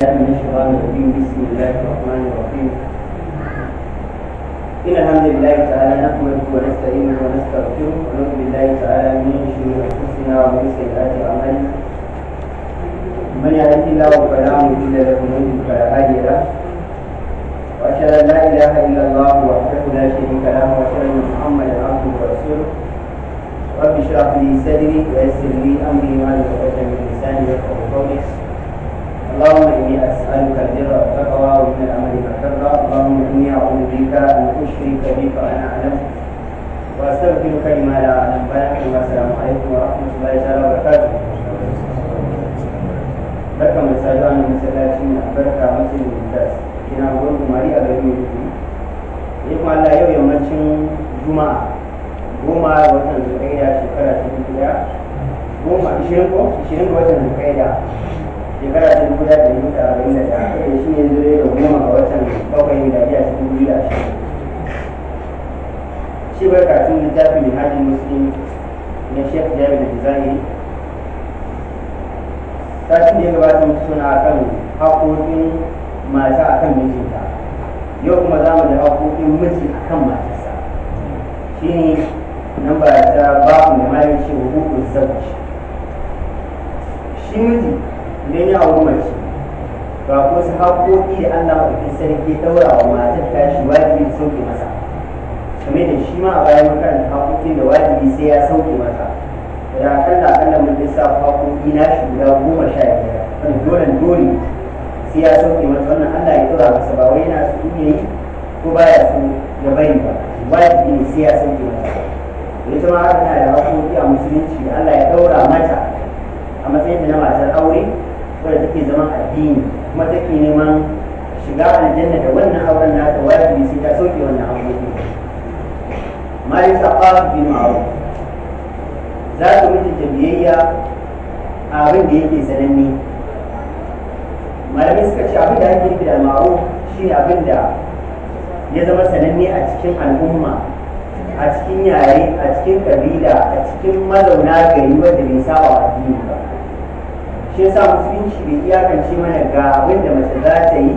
بسم الله الرحمن الرحيم إن الحمد لله تعالى نحمده ونستعينه ونستغفره ونعوذ بالله تعالى من شرور أنفسنا ومن سيئات أعمالنا من يهده الله فلا مضل له ومن يضلل فلا هادي له وأشهد أن لا إله إلا الله وحده لا شريك له وأشهد أن محمدا عبده ورسوله رب اشرح لي صدري ويسر لي أمري واحلل عقدة من لساني يفقهوا قولي اللهم إني أسألك البر والتقوى ومن العمل فالبر اللهم إني أعوذ بك أن أشرك بك وأنا أعلم وأستغفرك لما لا أعلم بارك والسلام عليكم ورحمة الله تعالى وبركاته barka mai saduwa na masallaci na barka mutum da ina gurin kumari a garin mai ne kuma Allah yau yammacin juma'a goma watan zulkaida shekara ta dubu goma ishirin ko ishirin watan zulkaida shekara ta dubu da ɗari da arba'in da ɗaya da shi ne zure da goma a watan bakwai da biya ta dubu da shi shi bai karatun littafin hajji muslim na shek jami da zahiri sashen da ya gabata mutu suna akan haƙoƙin mata akan mijinta yau kuma za mu da haƙoƙin miji akan matarsa shi ne ba ta babu da mayan ce hukukun zauci shi miji idan ya auri ba ga wasu haƙoƙi da Allah maɗauki sarki ɗaura wa matar tashi wajibi da sauke masa kamar da shi ma a bayan makaranta haƙoƙin da wajibi sai ya sauke masa da akalla akalla mun sa haƙoƙi na shi guda goma sha biyar wani dole dole sai ya sauke masa wannan Allah ya ɗaura masa ba wai yana so in yayi ko baya so ya bari ba wajibi ne sai ya sauke masa ita ma tana da haƙoƙi a musulunci da Allah ya ɗaura mata a matsayin da na matar aure wadda take zama addini kuma take neman shiga aljanna da wannan auren na ta wajibi sai ta soke wannan aure malik saqaf bin ma'ruf za ta mutunta biyayya a abin da yake sananne malamai suka ce abin da ake yi da ma'ruf shine abin da ya zama sananne a cikin al'umma a cikin yare a cikin kabila a cikin mazauna gari wanda bai saba addini ba shi yasa musulunci bai iyakance mana ga abin da mace za ta yi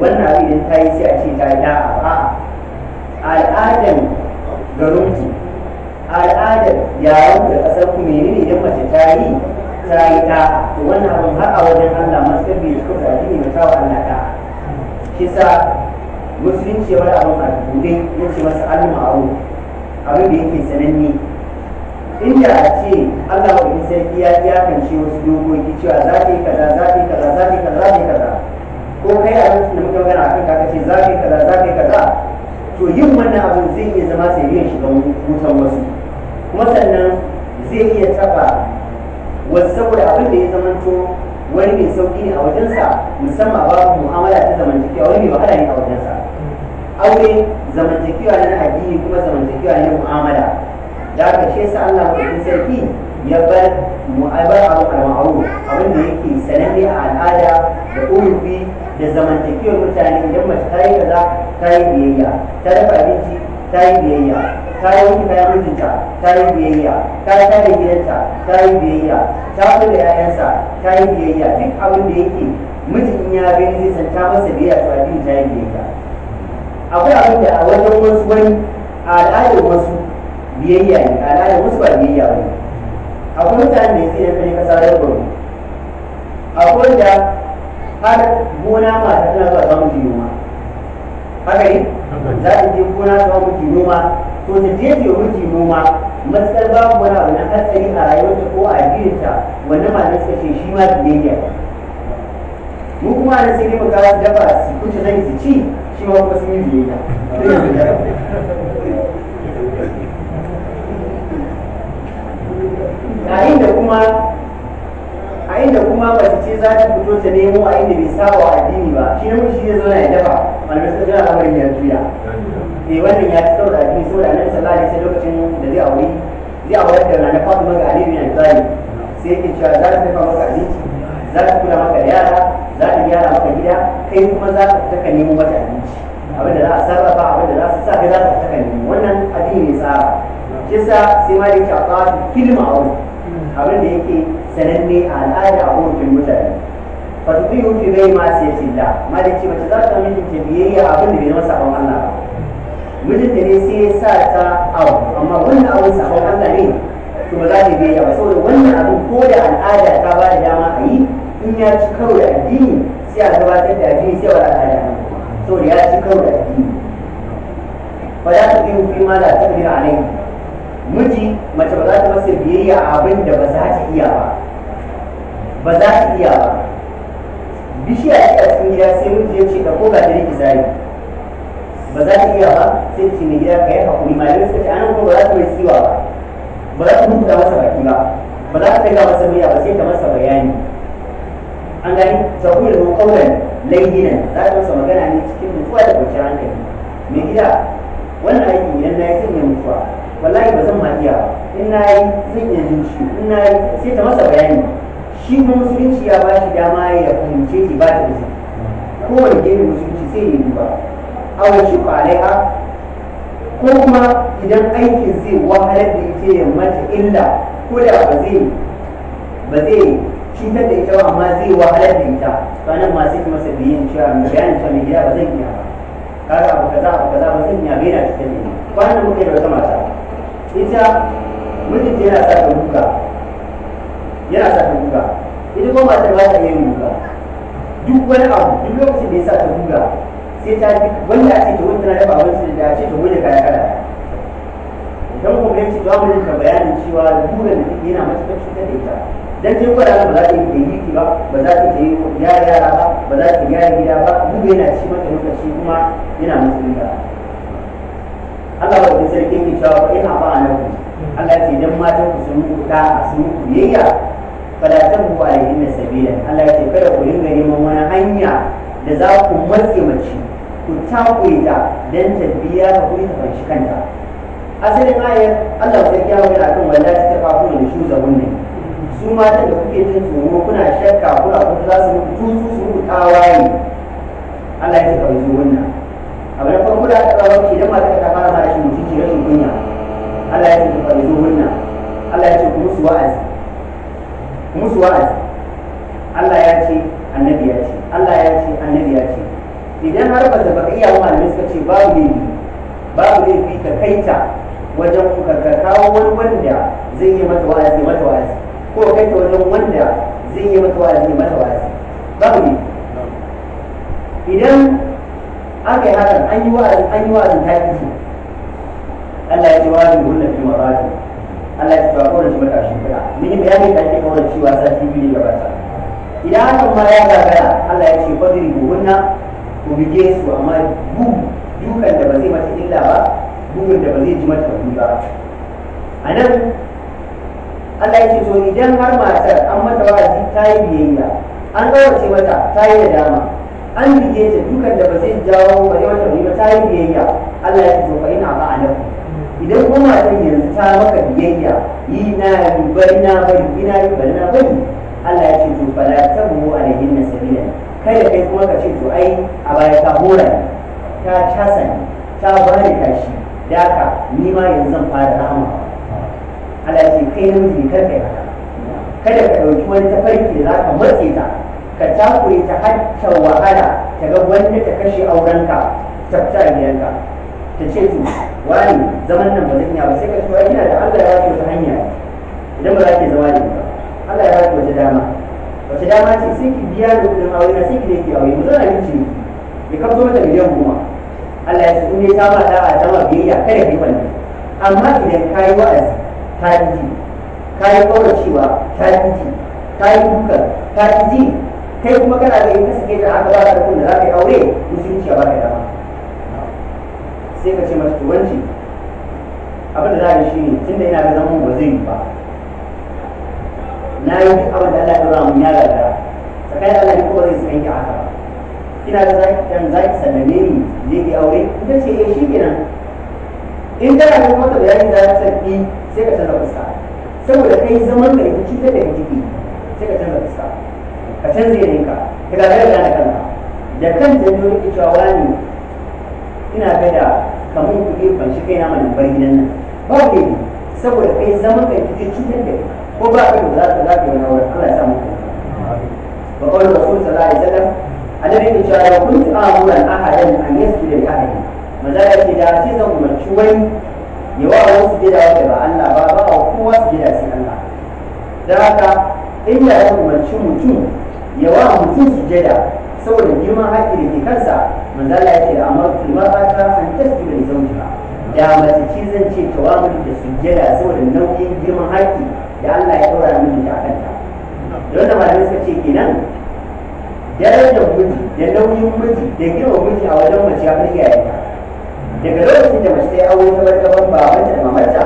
wannan abin idan ta yi sai a ce ta yi da'a a al'adar garinku al'adar yaron da kasar ku menene idan mace ta yi ta yi da'a to wannan abin har a wajen Allah masu bai da kuka ji ne mutawa Allah da'a shi yasa musulunci wani abin a dudai yace masa al-ma'ruf abin da yake sananne inda a ce Allah wa in sai ya iyakance wasu dokoki cewa za ka yi kaza za ka yi kaza za ka yi kaza za ka yi kaza ko kai a lokacin da muke magana akan ka ce za ka yi kaza za ka yi kaza to yin wannan abin zai iya zama sai yin ga wutan wasu kuma sannan zai iya taba wasu saboda abin da ya to wani mai sauki ne a wajensa musamman babu mu'amala ta zamantakewa wani mai wahala ne a wajensa aure zamantakewa na addini kuma zamantakewa na mu'amala da ka shi yasa Allah madaukakin sarki ya bar mu'abar abu al abin da yake sananne a al'ada da ulufi da zamantakewar mutane idan mace ta yi kaza ta yi biyayya ta dafa abinci ta yi biyayya ta yi wuce kayan mijinta ta yi biyayya ta tare gidanta ta yi biyayya ta da yayansa ta yi biyayya duk abin da yake mijin ya gani zai san ta masa biyayya to ta yi biyayya akwai abin da a wajen wasu wani a al'adar wasu biyayya ne ana da musu ba biyayya ba ne akwai mutane da yake kai kasa da gwaro akwai da har gona mata tana zuwa samun ki noma haka ne za ta je gona ta samun ki noma to ta je ta yi ki noma matsar babu wani na na hatsari a rayuwarta ko a addininta wannan malamai suka ce shi ma biyayya mu kuma na sai dai mu kawo dafa su kuce zai su ci shi ma kuma sun yi biyayya yayin da kuma a inda kuma mace za ta fito ta nemo a inda bai saba wa addini ba shi namiji shi ne na ya dafa malamai suka jira lamarin ya juya eh wannan ya ci saboda addini saboda annabi sallallahu alaihi wasallam lokacin da zai aure zai aure da rana Fatima ga Ali bin Abi Talib sai yake cewa za ta dafa maka abinci za ta kula maka da yara za ta gyara maka gida kai kuma za ka fita ka nemo mata abinci abin da za a sarrafa abin da za su sa kai za ka fita ka nemo wannan addini ne tsara shi sai ma yake a hidima a wani abin da yake sananne a al'ada a hukuncin mutane ba su fi ghayri ma da. maliki mace za ta mijin ta biyayya abin da bai zama sabon Allah ba ta ne sai ya sa ta abu amma wannan abin sabon Allah ne to ba za ta biyayya ba saboda wannan abin ko da al'ada ta ba da dama a yi in ya ci karo da addini sai a gabatar da addini sai wa al'ada saboda ya ci karo da addini fa za ta biyu fi ma la taqdir alayhi miji mace ba za ta masa biyayya a abin da ba za ta iya ba ba za ta iya ba bishiya ce a cikin gida sai miji ya ce ɗauko ga dare ki zari ba za ta iya ba sai ce mai gida ka yi haƙuri, malamai suka ce anan kuma ba za ta mai siwa ba ba za ta mutu masa baki ba ba za ta daga masa miya ba sai ta masa bayani an gani sabu da kauran laidinan za ta masa magana ne cikin mutuwa da kwanciyar hankali mai gida wannan aiki idan na yi sanya mutuwa wallahi ba zan ma iya in na yi zan iya jin ciwo in na yi sai ta masa bayani shi ma musulunci ya ba shi dama ya fahimce ki ba ta da zai kowane gefe musulunci sai ya yi ba awon shi kwalaiha ko kuma idan aikin zai wahalar da ita ya mata illa ko da ba zai ba zai cutar da ita ba amma zai wahalar da ita ba ma sai kuma masa biyan cewa mai bayanin cewa mai gida ba zan iya ba kaga abu kaza abu kaza ba zan iya bai na cutar da ita kwanan muke da wata mata ita mijinta yana sa ta duka yana sa ta duka ita kuma matar ba ta yin duka duk wani abu duk lokacin da ya sa ta duka sai ta ji wanda a ce ta wani tana dafa abinci da a ce ta wani kaya kala don kuma ya ce ta wani ka bayanin cewa duka da duk yana matuƙar cutar da ita dan sai kwada ba za ta yi girki ba ba za ta yi yara ba ba za ta yi gida ba duka yana ci mata lokaci kuma yana musulunta Allah ba ku sarki ki cewa ina ba a nan hmm. Allah ce dan mata ku sun muku da sun muku biyayya fala wa alayhin sabila Allah ce kada ku ringa neman wani hanya da za ku matse mace ku takure ta dan ta biya ka ku ta fanshi kanta asalin ayar Allah sarki ya da kan wanda ta fa ku ne shu da wannan su mata da kuke jin tsoro kuna shakka kuna kuma za su mutu su su mutawaye Allah ya ce ka wannan a wani kuma kula da tsawon idan masu ta fara mara shi mutunci rashin kunya Allah ya ce ku fari zuhunna Allah ya ce ku musu wa'azi ku musu wa'azi Allah ya ce annabi ya ce Allah ya ce annabi ya ce idan har ba ta baka iya wa suka ce babu laifi babu laifi ka kaita wajen ka kawo wani wanda zai yi mata wa'azi mata wa'azi ko kaita wajen wanda zai yi mata wa'azi mata wa'azi babu laifi idan aka yi hakan an yi wa'azi an yi wa'azi ta yi su Allah ya ce wa bi hunna fi marati Allah ya ce ba kawai shi mata shi fira mun yi bayani da ake kawai cewa sati biyu ne bata idan hakan ma ya gagara Allah ya ce fadri bi hunna ku bige su amma bu dukan da ba zai mata illa ba bugun da ba zai ji mata ba a nan Allah ya ce to idan har matar an mata wa'azi ta yi biyayya an kawace mata ta yi da dama an bige ta dukan da ba zai jawo ba yawan tauri ba ta yi biyayya Allah ya ce fa ina ba alam idan ko matan yanzu ta maka biyayya yi na yi bari na bari ina yi bari na bari Allah ya ce to a tabu alaihin nasabila kai da kai kuma ka ce to ai a baya ta hora ta casa ta bani kashi da ka ni ma yanzu zan fara rahama Allah ya ce kai namiji kar kai haka kada ka ɗauki wani tafarki da za ka matse ta ka takure ta hatta wahala ta ga wanda ta kashe aurenka ta fita gidanka ta ce su wani zaman nan ba zan iya ba sai ka tuwa ina da Allah ya wato ta hanya idan ba za ke zama da ba Allah ya wato wata dama wata dama ce sai ki biya da kudin aure na sai ki ne ki aure mu zauna yin ce ya kamto mata miliyan goma Allah ya ce in dai ta ma da'a ta ma biyayya kada ki kwanta amma idan ka yi wa'azi ta ji ka yi kauracewa ta ji ka yi dukkan ta ji kai kuma kana da ita suke da aka bada kun da za ka yi aure musulunci ya baka dama sai ka ce masu to wanci abin da za yi shi ne tunda ina ga zaman ba zai yi ba na yi abin da Allah ya dora mun ya da tsakanin Allah ne kowa zai san ki haka ba kina da zaki dan zaki sallame ni zai yi aure ita ce eh shi kenan in kana da mata bayani za ta sai ka canza fuska saboda kai zaman da ita cutar da kake sai ka canza fuska ka canza yanka ka ga daga na kanka da kan da ne yake cewa wani ina ga da kamun kuɗi ban shi kai na mana bari gidan nan ba ku yi saboda kai zama kai kike cutar da ko ba ka za ka za ka yi rawar Allah ya sa muku wa qala rasul sallallahu alaihi wasallam annabi yake cewa ya kuntu amuran ahadan an yasjuda li ahadin maza yake da ce zan umarci wani ya wa wani sujada wanda ba Allah ba ba kowa sujada sai Allah dan haka in ya umarci mutum yawa mutum sujada saboda girman haƙƙi da ke kansa manzala ya ce amma tulmara ta an tasbi da zaujiha da mace ce zan ce mutum da sujada saboda nau'in girman haƙƙi da Allah ya ɗora mini da kanta da wanda malamai suka ce kenan daraja miji da nauyin miji da girman miji a wajen mace ya fi iyayenta daga lokacin da mace ta yi aure ta bar gaban babanta da mamarta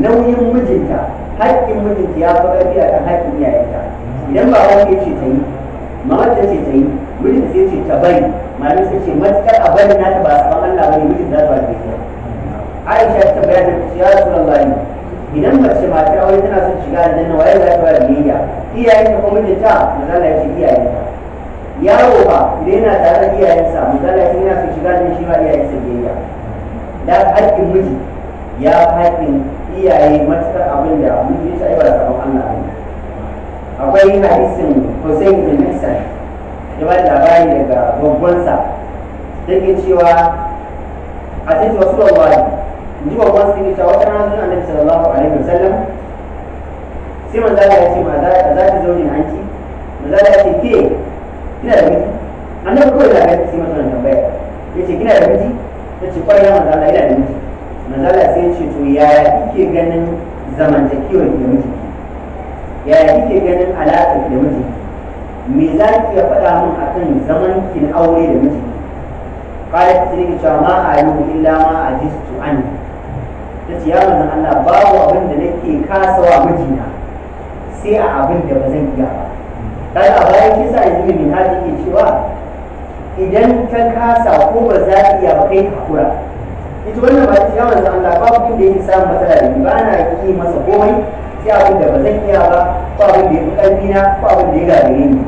nauyin mijinta haƙƙin mijinta ya fi ƙarfi a kan haƙƙin iyayenta idan ba wani ce ta yi mama ce ta yi mijin sai ce ta bari malin sai ce matukar a bari na ta ba a saman Allah bane mijin za su wani ta Aisha ta bayyana ta ce ya Rasulullahi idan mace matar aure tana son shiga aljanna waye za ta wani biyayya iyayen ta ko mijin ta ah, mazala ya ce iyayen ta yaro ba idan yana tare da iyayensa mazala ya ce yana son shiga da shi ma iyayensa biyayya da haƙƙin miji ya haƙƙin iyaye matukar abin da miji ya ci ba da saman Allah bane akwai hadisin hussein bin hassan da ba labari daga gwaggonsa da ke cewa a cikin wasu lallahi ji gwaggon su yi cewa wata rana zuwa annabi sallallahu alaihi sallam sai man zaga ya ce ma za ta zaune a hanci ma zaga ya ce ke kina da miji annabi kawai zaga ya ce masa wannan tambaya ya ce kina da miji ya ce kwarai ya manzala ina da miji manzala sai ya ce to yaya kike ganin zamantakewar da miji ya kike ganin alaƙar da miji me za ki ya faɗa min akan zaman kin aure da miji qalat tilki cewa ma alu a ma ajistu an tace ya manzon Allah babu abin da nake kasawa mijina sai a abin da ba zan iya ba kaga a bayan kisa yanzu min hadi ke cewa idan ka kasa ko ba za ki iya ba kai hakura ita wannan ba ta ya manzon Allah babu inda yake samun matsala da ni ba na yi masa komai sai abin da ba zan iya ba ko abin da ya fi ƙarfi na ko abin da ya gagare ni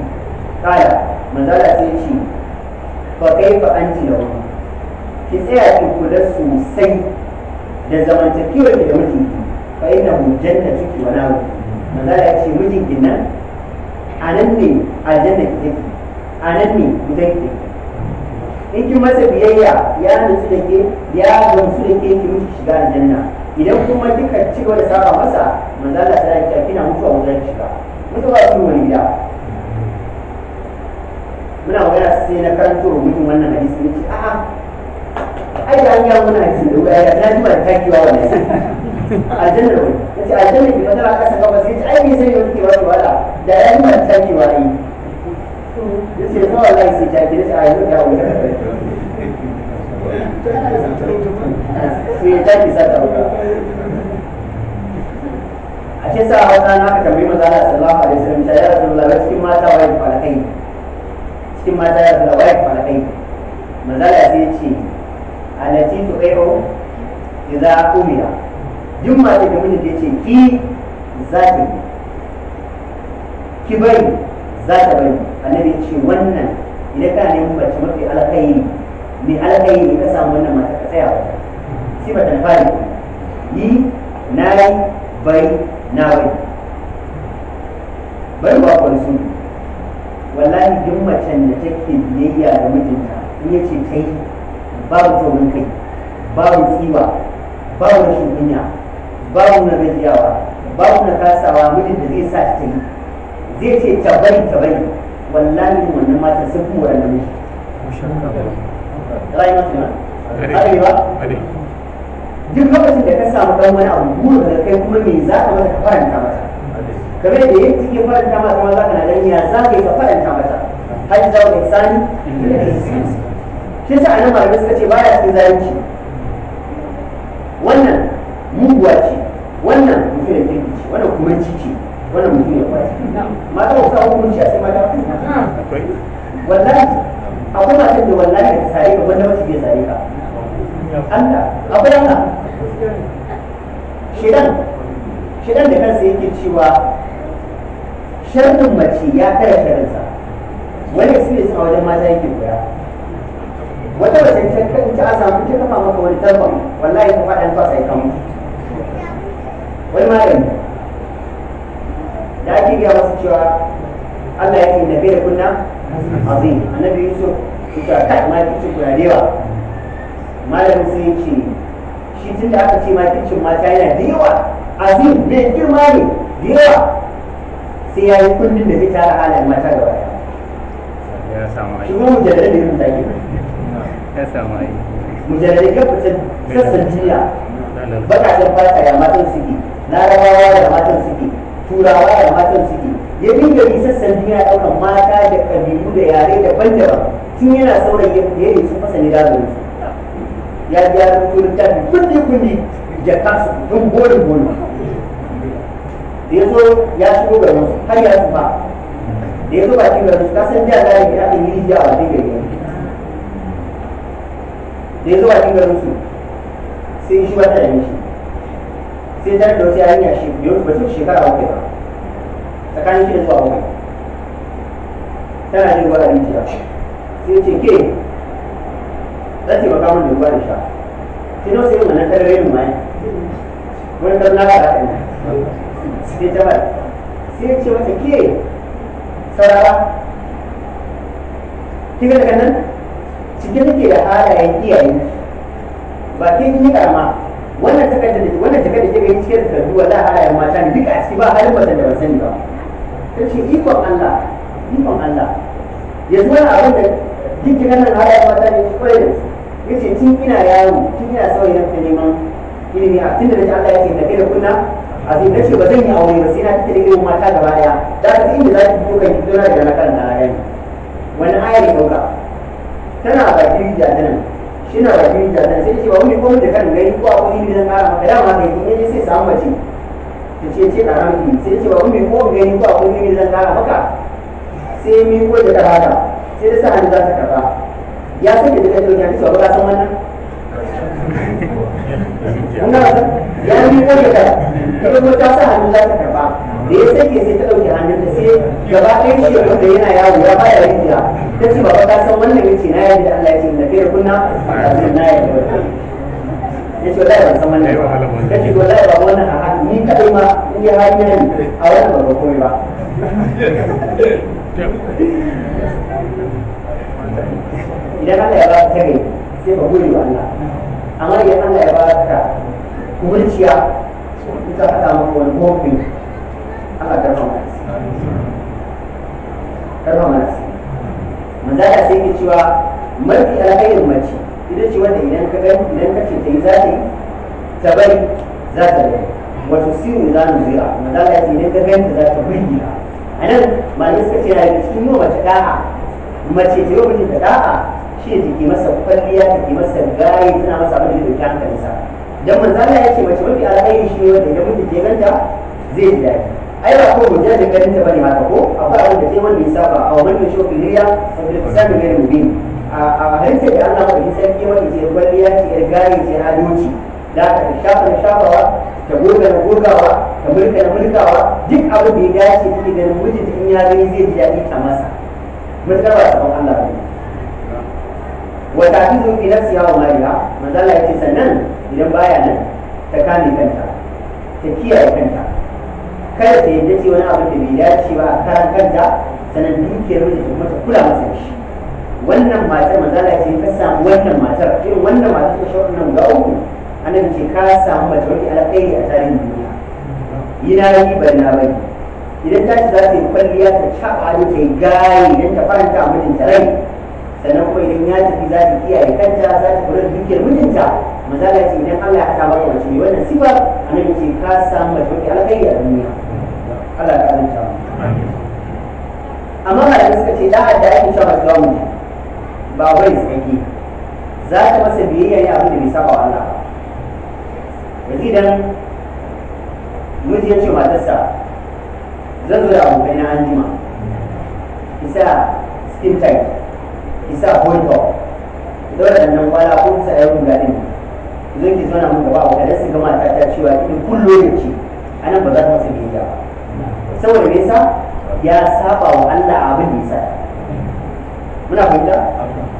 kala manzala sai ce fa kai fa an ji lahu ki tsaya ki kula sosai da zamantakewar da mijinki fa ina hujjan da ciki wani abu manzala ya ce mijinki nan a nan ne aljanna ki take a nan ne wuta ki take in kin masa biyayya ya nutsu da ke ya gamsu da ke ki miki shiga aljanna idan kuma duka ci gaba da saba masa manzo Allah ta yi kina mutuwa mu zaki shiga mutuwa ba su wani gida muna magana sai na karanto rubutun wannan hadisi ne ce a'a ai da an yi wannan hadisi da ya na ji ba ta kiwa wannan aljanna wani ya ce aljanna ki fata ka saka kafa sai ai ne sai yau ke wani wala da ya yi ba ta yi ya ce kawai Allah ya ce ta ki da ta ayyuka kai. su ya taki a ce sa wata na aka tambayi maza da sallallahu alaihi wasallam ta cikin mata wai falakai cikin mata ya rasulullah wai falakai maza Allah sai ce alati tu qairo idza umira duk mata da mijinta ya ce ki za ki bari za ta bari annabi ce wannan idan kana neman mace mafi alkhairi mai alƙayi ne ka samu wannan mata ka tsaya shi ba fari yi na yi bai na bai bai ba ku su wallahi duk macen da take biyayya da mijinta in ya ce kai, babu tsoron kai babu tsiwa babu rashin kunya babu na gajiyawa babu na kasawa mijin da zai sa ta yi zai ce ta bari ta bari wallahi wannan mata sun fi namiji rayuwar suna haka ne ba duk lokacin da ka samu dan wani abu burin da kai kuma me za ka masa ka faranta masa kamar da yin cikin faranta masa kuma za ka na dan ya za ka yi ka faranta masa hajji za ka sani. shi sa anan malamai suka ce baya cikin zalunci wannan muguwa ce wannan mutum ya kirki ce wannan kuma ciki wannan mutum ya kwaci mata ba sa hukunci a sai mata wallahi akwai masu da lafiya ka sare ka wanda mace bai sare ka Allah akwai Allah shedan shedan da kansa yake cewa sharrin mace ya kare sharrinsa wani experience a wajen mata yake koya wata mace ta ta samu ta kafa maka wani tarkon wallahi ta faɗa ta sai kan wani malami da ake gaya masu cewa Allah ya ce na bai da kunna azim annabi yusuf ita kai makircin ku na da yawa malamin sai ce shi tun da aka ce ma makircin mata yana da yawa azim mai girma ne da yawa sai ya yi kundin da zai tara halayen mata gaba ya samu aiki shi kuma mujallar da yin zaki ya samu aiki mujallar ya fita sassan jiya bakashin fata ya matan suke na larabawa da matan suke turawa da matan suke ya dinga bi sassan duniya daukan mata da ƙabilu da yare daban-daban tun yana sauran ya yi sun fasa ne zuwa ya ji ya rubuto littafi kundi-kundi da kasu don gori gori da ya zo ya shigo garin su har ya ba da ya zo bakin kimar su kasan jiya da ya yi aka yi rijiya a wajen gari da ya zo bakin kimar su sai shi wata da mishi sai da da wasu yarinya shi biyu ba su shekara bakwai ba tsakanin shida zuwa bakwai tana jin gwada rijiya sai ce ke za ta baka mun da gwada sha sai na wasu yin wannan tarrayin ma wani tarna ba da kan sai ta bada sai ce wata ke sarara kika daga nan cikin ke da halayen iyayen ba ke yi karama wannan takar da wannan takar da kika yi cikin takardu wala halayen mata ne duka a ciki ba halin mata da ban sani ba ta ce ikon Allah ikon Allah yanzu wani abin da dukkan nan halayen mata ne kwarai da ya tun ina yawo tun ina sauyi na ta neman ilimi a tun da nake Allah ya ce tafi da kunna a zai na ce ba zan yi aure ba sai na fita da irin mata gaba daya da ka inda za ki fito kan ki dona da na karanta na gani wani aya ne ɗauka tana bakin rijiya ta nan shine da kai da nan sai ce ba wani gwamnati kan gani ko a ilimi zan kara maka dama kai kuma ne sai samu mace ta ce ce kara miki sai ce ba wani gwamnati gani ko akwai ilimi zan kara maka sai mi ko da karata sai da sa hannu za ta karba ya sake da kai ya ce ba ka san wannan ya mi ko da karata ta sa hannu za ta karba da ya sake sai ta ɗauki hannun ta sai gaba ɗaya shi wanda yana yawo ya baya rikiya ta ce baba ka san wannan yace na yarda Allah ya ce na kai kunna na yarda ya ce wallahi ban san wannan ta ce wallahi ba wannan a ni kadai ma in ya hali na ni a wannan ba komai ba idan Allah ya ba ka tare sai ba gode wa Allah amma idan Allah ya ba ka kuburciya ita ka samu wani hoping Allah ka manzala sai ke cewa mafi mace ita ce wanda idan ka gani idan ka ce ta yi za ta yi bari za ta bari wato siru za mu zira manzala ce idan ka gani za ta bari a nan suka ce na cikin yau mace da'a mace ta yau shi ne take masa kwalliya take masa gaye tana masa abin da ke hankalinsa dan manzala ya ce mace mafi alkhairi shi ne wanda idan mutum ke ganta zai ji daɗi ai ba ko mutum da ganin ta bane haka ko akwai abin da sai wanda ya saba a wannan shofin riya wanda ku sami mu bin, a harshe da Allah mai sarki wanda ce, kwalliya ce yar gari ce hadoci da ka shafa na shafawa ta gurga na gurgawa, ta mulka na mulkawa duk abin da ya dace kike ganin mijinta in ya gani zai ji daɗi ta masa mutum ba sabon Allah ba wa ta'tizu fi siya wa Mariya, manzo Allah yace sannan idan baya nan ta kame kanta ta kiyaye kanta kada ta yadda ce wani abu da bai dace ba a karan kanta sannan dukiyar mijin kuma ta kula masa da shi wannan matar mazala ce ka samu wannan matar irin wannan matar ta shawar nan ga uku annabi ce ka samu mace wani alkhairi a tarihin duniya ina yi bari na bari idan ta ce za ta yi kwalliya ta caɓa da ta yi gaye idan ta faranta a mijinta rai sannan kuma idan ya tafi za ta kiyaye kanta za ta kula da dukiyar mijinta mazala ce idan Allah ya ta baka wace mai wannan sifar annabi ce ka samu mace wani alkhairi a duniya Allah ya kare amma 'da suka ce da'ar da ake cewa zamu ne ba wai tsaki za ta masa biyayya ne abin da bai saba Allah ba yanzu idan miji ya ce matarsa zan zo da abokai na anjima isa skin tight isa hold up dole da nan kwana ko isa ya ruga din zo ki zo na mun gaba abokai sai ga mata ta cewa in kullo da ke anan ba za ta masa biyayya ba saboda me yasa ya saba wa Allah abin da yasa muna fahimta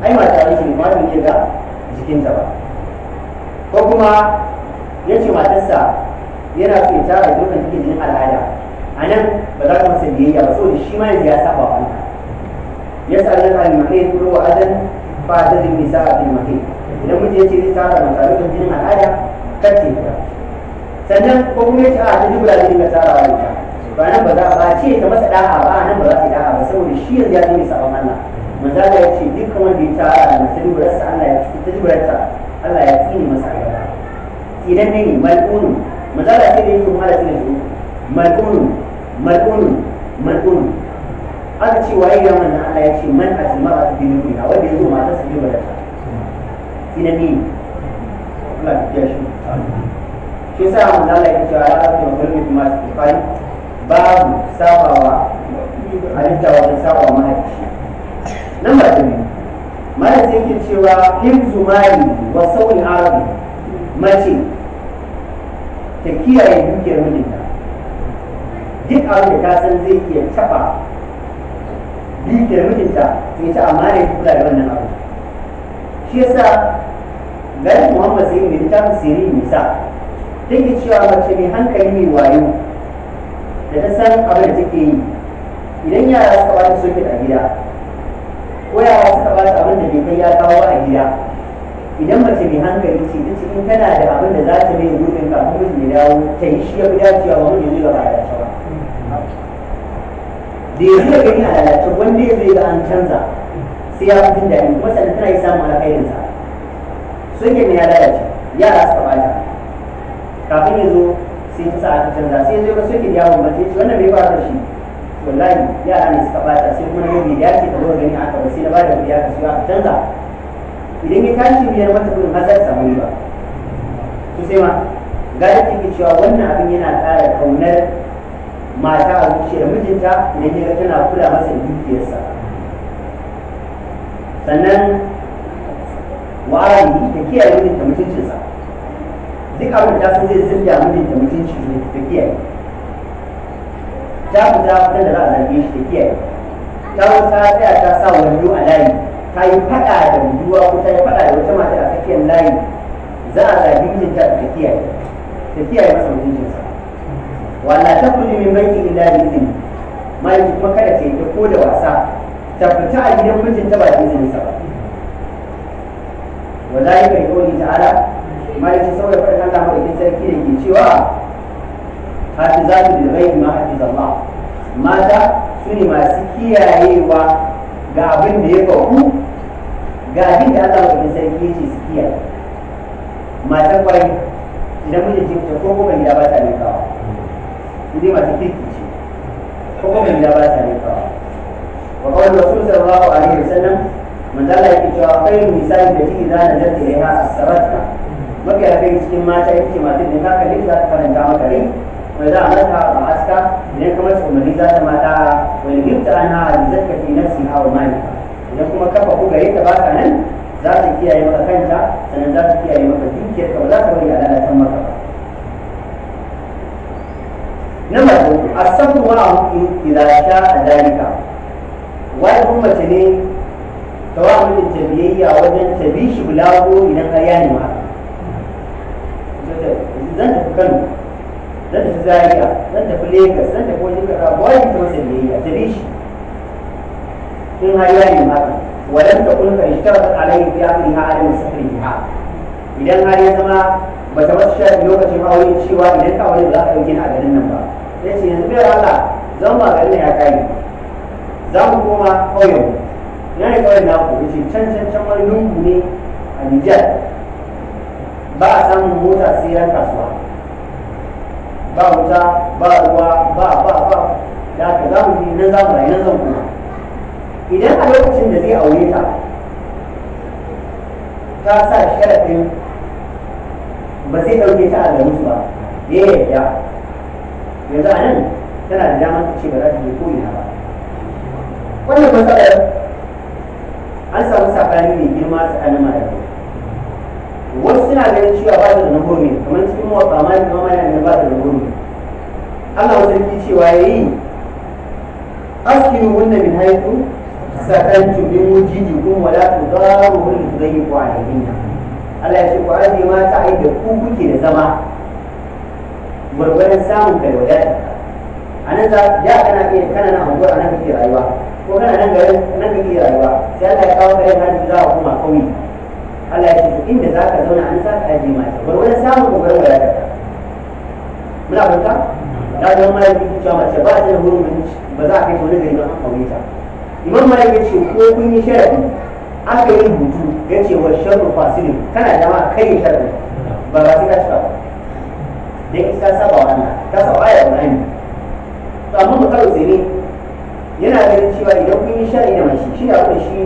ai ma ta rikin ba ke ga jikinta ba ko kuma yace matarsa yana so ya tara dukkan cikin jinin al'ada a nan ba za ka masa biyayya ba saboda shi ma ya saba wa Allah ya sa yana al-mahid ko adan fa da nisa al-mahid idan mutum ya ce zai tara masa da jinin al'ada kace ta sannan ko kuma ya ce a ta jibra da ga tsara wa ba nan ba za ba ce ta masa da'a ba nan ba za ta da'a ba saboda shi yanzu ya zo ne sabon Allah manzala ya ce dukkan wanda ya tara da na dubararsa Allah ya ci dubararsa Allah ya tsini masa albarka idan ne mal'unu manzala ce da yake kuma da tsini mal'unu mal'unu mal'unu aka ce waye ya na Allah ya ce man ajma'a bi a wanda ya zo matarsa dubararsa idan ne Allah ya shi shi yasa manzala ya ce ala ta mutum bi masu kai babu sabawa halitta wajen sabawa mahaifi nan ba jini mahaifi yake cewa in zumari wa sauyin arabi mace ta kiyaye dukiyar mijinta duk abin da ta san zai iya taba dukiyar mijinta sai ta amma ne kula da wannan abu shi yasa garin muhammad sai mai littafin sirri nisa take cewa mace mai hankali mai wayo da ta san abin da take yi idan yara suka bata ta soket a gida ko yara suka bata abin da bai kai ya kawo a gida idan mace mai hankali ce ta ce in kana da abin da za ta mai gurbin kafin mijin ya dawo ta yi shi ya fi dacewa wa mijin zai gaba da ta ba da ya da gani a lalace wanda ya zai ga an canza sai ya fi jin daɗi kuma sannan tana yi samun alkhairinsa soket ne ya lalace yara suka bata kafin ya zo sai ta sa aka canza sai zai wasu soke da yawon mace ce wannan bai ba da shi wallahi yara ne suka bata sai kuma yau bai dace ka zo gani aka ba sai na ba da biya ka aka canza idan ya tashi biyar mata kudin har za ta samu riba to sai ma gari take cewa wannan abin yana ƙara kaunar mata a zuciyar mijinta idan ya ga tana kula masa da dukiyarsa sannan wa'ayi ta kiyaye mijinta mutuncinsa duk abin sun zai sun da mutum da mutunci ta kiyaye ta za a shi ta kiyaye ta ta sa wando a layi ta yi faɗa da buduwa ko ta yi faɗa da wata mata a tsakiyar layi za a zargi mijinta ta masa ta ta ko da wasa ta a gidan mijinta ba da kai kawai ta'ala bayan saboda faɗin Allah madaukin sarki da ke cewa hafizatu bil ghaib ma hafizallah mata su ne masu kiyayewa ga abin da ya faku ga abin da Allah madaukin sarki ce su kiyaye matan kwari idan mijin ta ko kuma gida ba ta ne kawa masu kirki ce ko kuma gida ba ta ne kawa wa kawai rasul sallallahu alaihi wasallam manzala yake cewa khairu misali da kike zana da ta yi ha asabata mafi alkhairi cikin mata ita ce masu da ka kalli za ta faranta maka rai ba za a mata ba aska idan kuma tsumanni za ta mata wani gifta an ha da zaka fi nafsi hawa mali idan kuma kafa ku gare ta baka nan za ta kiyaye maka kanta sannan za ta kiyaye maka dukiyar ka ba za ta bari a lalatan maka ba na a asabu wa hukin idza a dalika wai kuma mace ne tawa mutum tabiyayya wajen shi bulago idan har ya nemi zan tafi kano zan tafi zaria zan tafi lagos zan tafi wajen kaza ba wani ta masa biyayya ta bi shi in har ya nemi haka walam ta kun ka ishtara alaihi bi amriha alim sahriha idan har ya zama ba ta wasu shafi lokacin aure cewa idan ka aure ba za ka yi gina a garin nan ba Ya ce yanzu bai Allah zan ba garin ya kai za mu koma ƙauyen na ne ƙauyen na ku ce can can can wani lungu ne a Nijar ba a samun mota sai ya kasuwa ba wuta ba ruwa ba ba ba da aka za mu yi, na za mu rayu na zan kuma idan a lokacin da zai aure ta ta sa sharafin ba zai ɗauke ta a da su ba ya yarda yanzu a nan tana da damar ta ce ba za ta je ko ina ba wannan matsalar an samu saɓani mai girma tsakanin malamai wasu suna ganin cewa ba ta da nambobi kamar cikin mawaka ma da mama yana ba ta da nambobi Allah wasu ki cewa yayi askinu wanda min haitu sakantu min wujidi kun wala yi zai ko a tudayyiqu nan Allah ya ce ku aje a yi da ku kuke da zama gwargwadon samun kai wadata a nan za ya kana iya kana na unguwar a nan kake rayuwa ko kana nan garin nan kake rayuwa sai Allah ya kawo kai na za a kuma kauye Allah ya ce inda za ka zauna an sa ka aje mata wani samun gwargwadon wadatar ka muna fahimta da zama mara yake cewa mace ba ta da wurin hurumin ba za a kai wani gari ba an aure ta imam mara ya ce ko kun yi sharadi aka yi hutu ya ce wa sharru fasilin kana da ma kai sharadi ba ba sai ka cika ba dan isa saba wa Allah ka saba wani Qur'ani to amma mu karo sai ne yana ganin cewa idan kun yi sharadi da mace shi da abin shi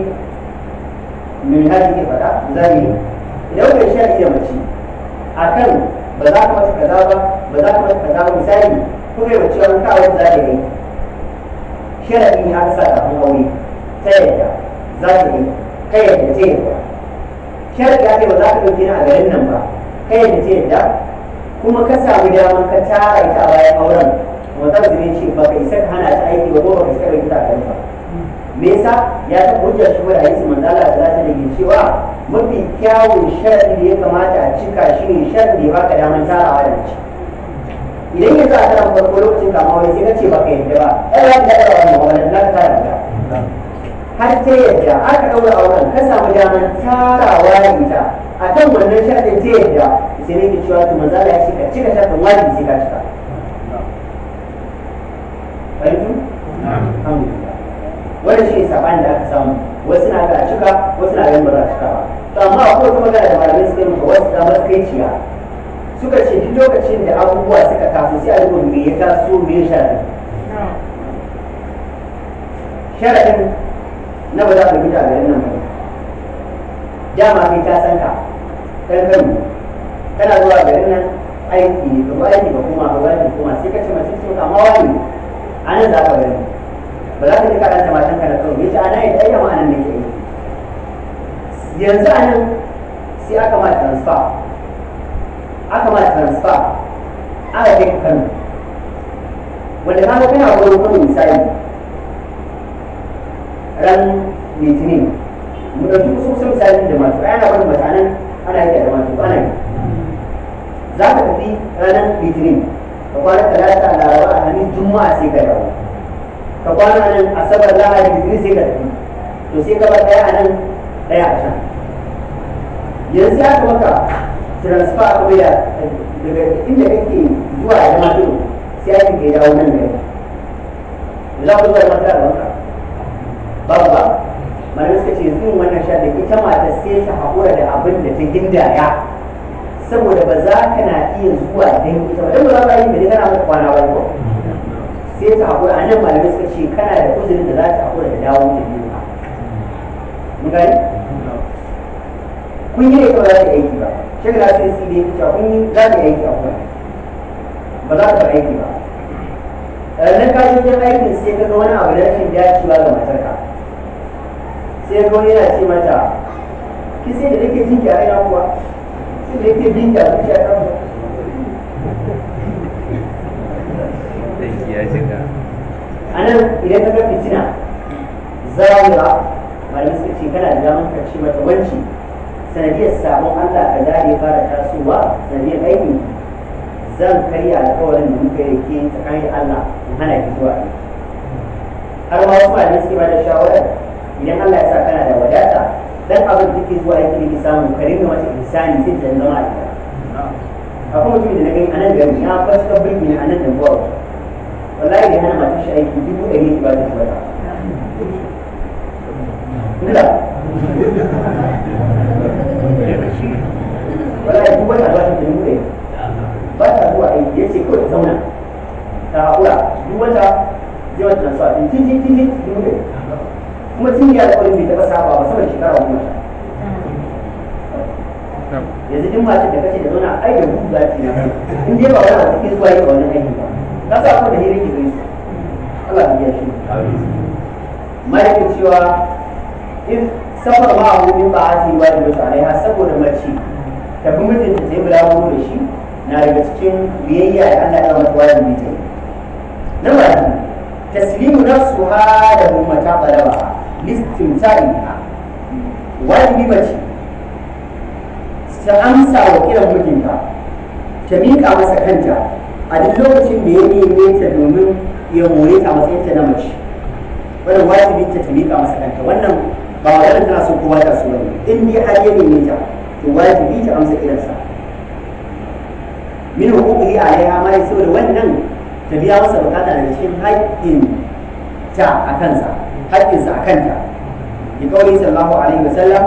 min hali ke faɗa zahiri idan mai shi ake mace a kan ba za ka masa kaza ba ba za ka masa kaza ba misali ko mai mace wani kawo zahiri sharaɗi ne aka sa kafin aure ta yadda za ta yi ta yadda ta yadda ya ake ba za ka ɗauke ni a garin nan ba ta yadda ta yadda kuma ka samu damar ka tara ita a bayan auren wanda zai ce ba ka isa ka hana ta aiki ba ko ba ka isa ka yi ta ba me yasa ya ta hujja shi wa hadisi manzo da ta da cewa mafi kyawun sharadi da ya kamata a cika shi ne sharadi da baka daman tarawa da shi idan za a karan farko lokacin kama wani sai ka ce baka yadda ba ai ya da yawa wani wannan na ka yarda har ta yadda aka daura auren ka samu daman tarawa da ita a kan wannan sharadin ta yadda sai ne ke cewa to manzo ya ce ka cika sharadin wajibi sai ka cika. Fahimtu? Alhamdulillah. wanda shi ne sabanin da aka samu wasu na ga a cika wasu na ganin ba za a cika ba to amma ko wata magana da malamai suka yi maka wasu ta matsakaiciya suka ce duk lokacin da abubuwa suka taso sai a duba me ya taso me ya shara sharaɗin na ba za ka bi garin nan ba dama kai ta san ka ɗan kanu kana zuwa garin nan aiki ba aiki ba kuma ba ba kuma sai ka ce mace ce amma wani a nan za ka bari ba za ka ji kaɗan da matan kana kawai yace ana yi ɗaya ma anan ne ke yi yanzu anan sai aka transfer aka transfer aka kai kano wanda ka ga kana gurin kano misali ran litinin mu ɗauki kusurkusa misali da masu ɗaya na wani mutanen ana yi da masu ana za ka tafi ranar litinin ka kwana talata laraba alhamis juma'a sai ka dawo ka kwana a nan asabar lahadi biyu sai ka tafi to sai ka ba ɗaya a nan ɗaya a can yanzu ya maka transfer a wuya daga inda kake zuwa ya mato sai ake ke dawo nan ne za ku zuwa a da maka Babba, ba mana suka ce yin wannan sha da ita mata sai ta haƙura da abin da ta gindaya saboda ba za ka na iya zuwa don ita ba don ba za ka yi da kana mata kwana ba ko sai ta haƙura a nan malamai suka ce kana da uzurin da za ta haƙura da dawo da biyu ba. mun gani kun yi da kyau za ka aiki ba shekara ta yi sai da ya kun yi za ka aiki a kuma ba za ka aiki ba ranar ka shi aikin sai ka ga wani abu da rashin ba ga matarka sai ka wani yana ce mata ki sai da nake jinki a aina kuwa sai da nake jinki a zuciya kan idan ka ga fitina zawira malamai suka ce kana da daman ka ce mata wanci sanadiyar samun Allah ka zare fara tasowa sanadiyar aikin zan karya alƙawarin da muka yake tsakanin Allah in hana ki zuwa har ma wasu malamai suke bada shawarar idan Allah ya sa kana da wadata dan abin da kike zuwa yake ki samu ka rinka mata insani sai ta zama a akwai mutumin da na gani a nan gari na fuskar birni a nan da buwa wallahi ya a masu shi aiki dubu ɗari ba da shi ba wallahi duk wata ba shi dubu ɗari ba ta zuwa aiki ya ce kawai zauna ta haƙura duk wata zai wata nan sa titi titi dubu ɗari kuma tun ya alƙawarin bai taɓa saba ba saboda shekara goma sha yanzu duk matar da kace da zauna ai da gudu za ta yi in dai ba wani a cikin zuwa yi ba wani aiki ba na sa ku da hiri gizai Allah ya biya shi malaka cewa in safar ma abu min ba'ati wa da alaiha saboda mace ta bi mutunta ta yi bulawo da shi na daga cikin biyayya da Allah ya mata bi ta yi na ba taslimu nafsuha da ummata qalaba listimta'iha wajibi mace ta amsa wa kiran mijinta ta miƙa masa kanta a duk lokacin da ya neme ta domin ya more ta matsayin ta na mace wadda wajibi ta ta miƙa masa kanta wannan ba wa yaran tana so kowa ta so bane in dai har ya neme ta to wajibi ta amsa kiransa min hukuki alaiha ma saboda wannan ta biya masa bukata daga cikin haƙƙin ta a kansa haƙƙinsa a kanta ya kawai sallallahu alaihi wasallam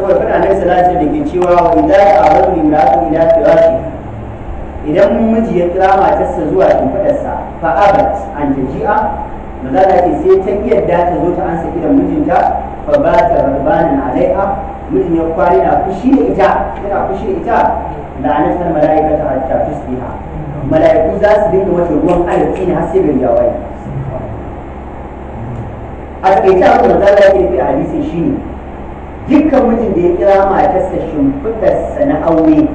saboda faɗa nan sallallahu alaihi wasallam da ke cewa wa idza ta'aradu imra'atu ila firashi idan miji ya kira matarsa zuwa shimfiɗarsa fa abat an taji'a maza da ce sai ta yadda ta zo ta ansa kiran mijinta fa ba ta rabbanin alaiha mijin ya kwari na fushi da ita yana fushi da ita la'anatar mala'ikata hatta tusbiha mala'iku za su dinga wata ruwan arziki ne har sai bai jawai a taƙaice abu da zalla yake nufi a shine dukkan mijin da ya kira matarsa shimfiɗarsa na aure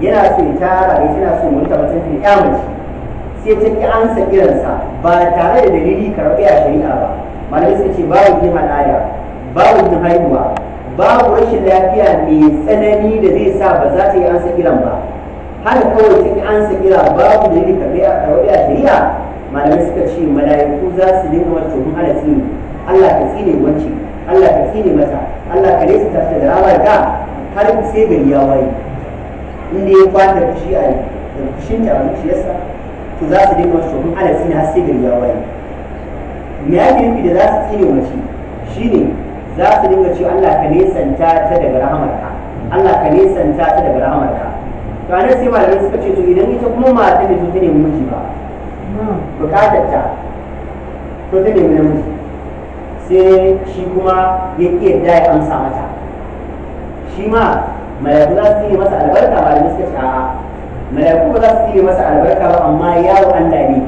yana so ya tara ne yana so mun tabbatar da kyamun mace sai ta ki ansa ƙiransa ba tare da dalili karɓi a shari'a ba malamai suka ce babu kiman aya babu kin haihuwa babu rashin lafiya mai tsanani da zai sa ba za ta yi ansa kiran ba har kawai ta ki ansa kira babu dalili karɓi a karɓi a shari'a malamai suka ce mala'iku za su dinga mata mun hana tsini Allah ka tsine wance Allah ka tsine mata Allah ka resa ta da rabar ka har sai gari ya waye inda ya kwata da fushi a da fushin ta a yasa, to za su dinga wasu ala sina na sai gari ya waye me ya nufi da za su tsine mace shine za su dinga cewa Allah ka nesanta ta daga rahamarka Allah ka nesanta ta daga rahamarka to a nan sai malamai suka ce to idan ita kuma mata ne to ta nemi miji ba bukatar ta to ta nemi namiji sai shi kuma ya ƙi yadda ya amsa mata shi ma malaku za su yi masa albarka ba da suka a'a malaku ba za su yi masa albarka ba amma yawo Allah ne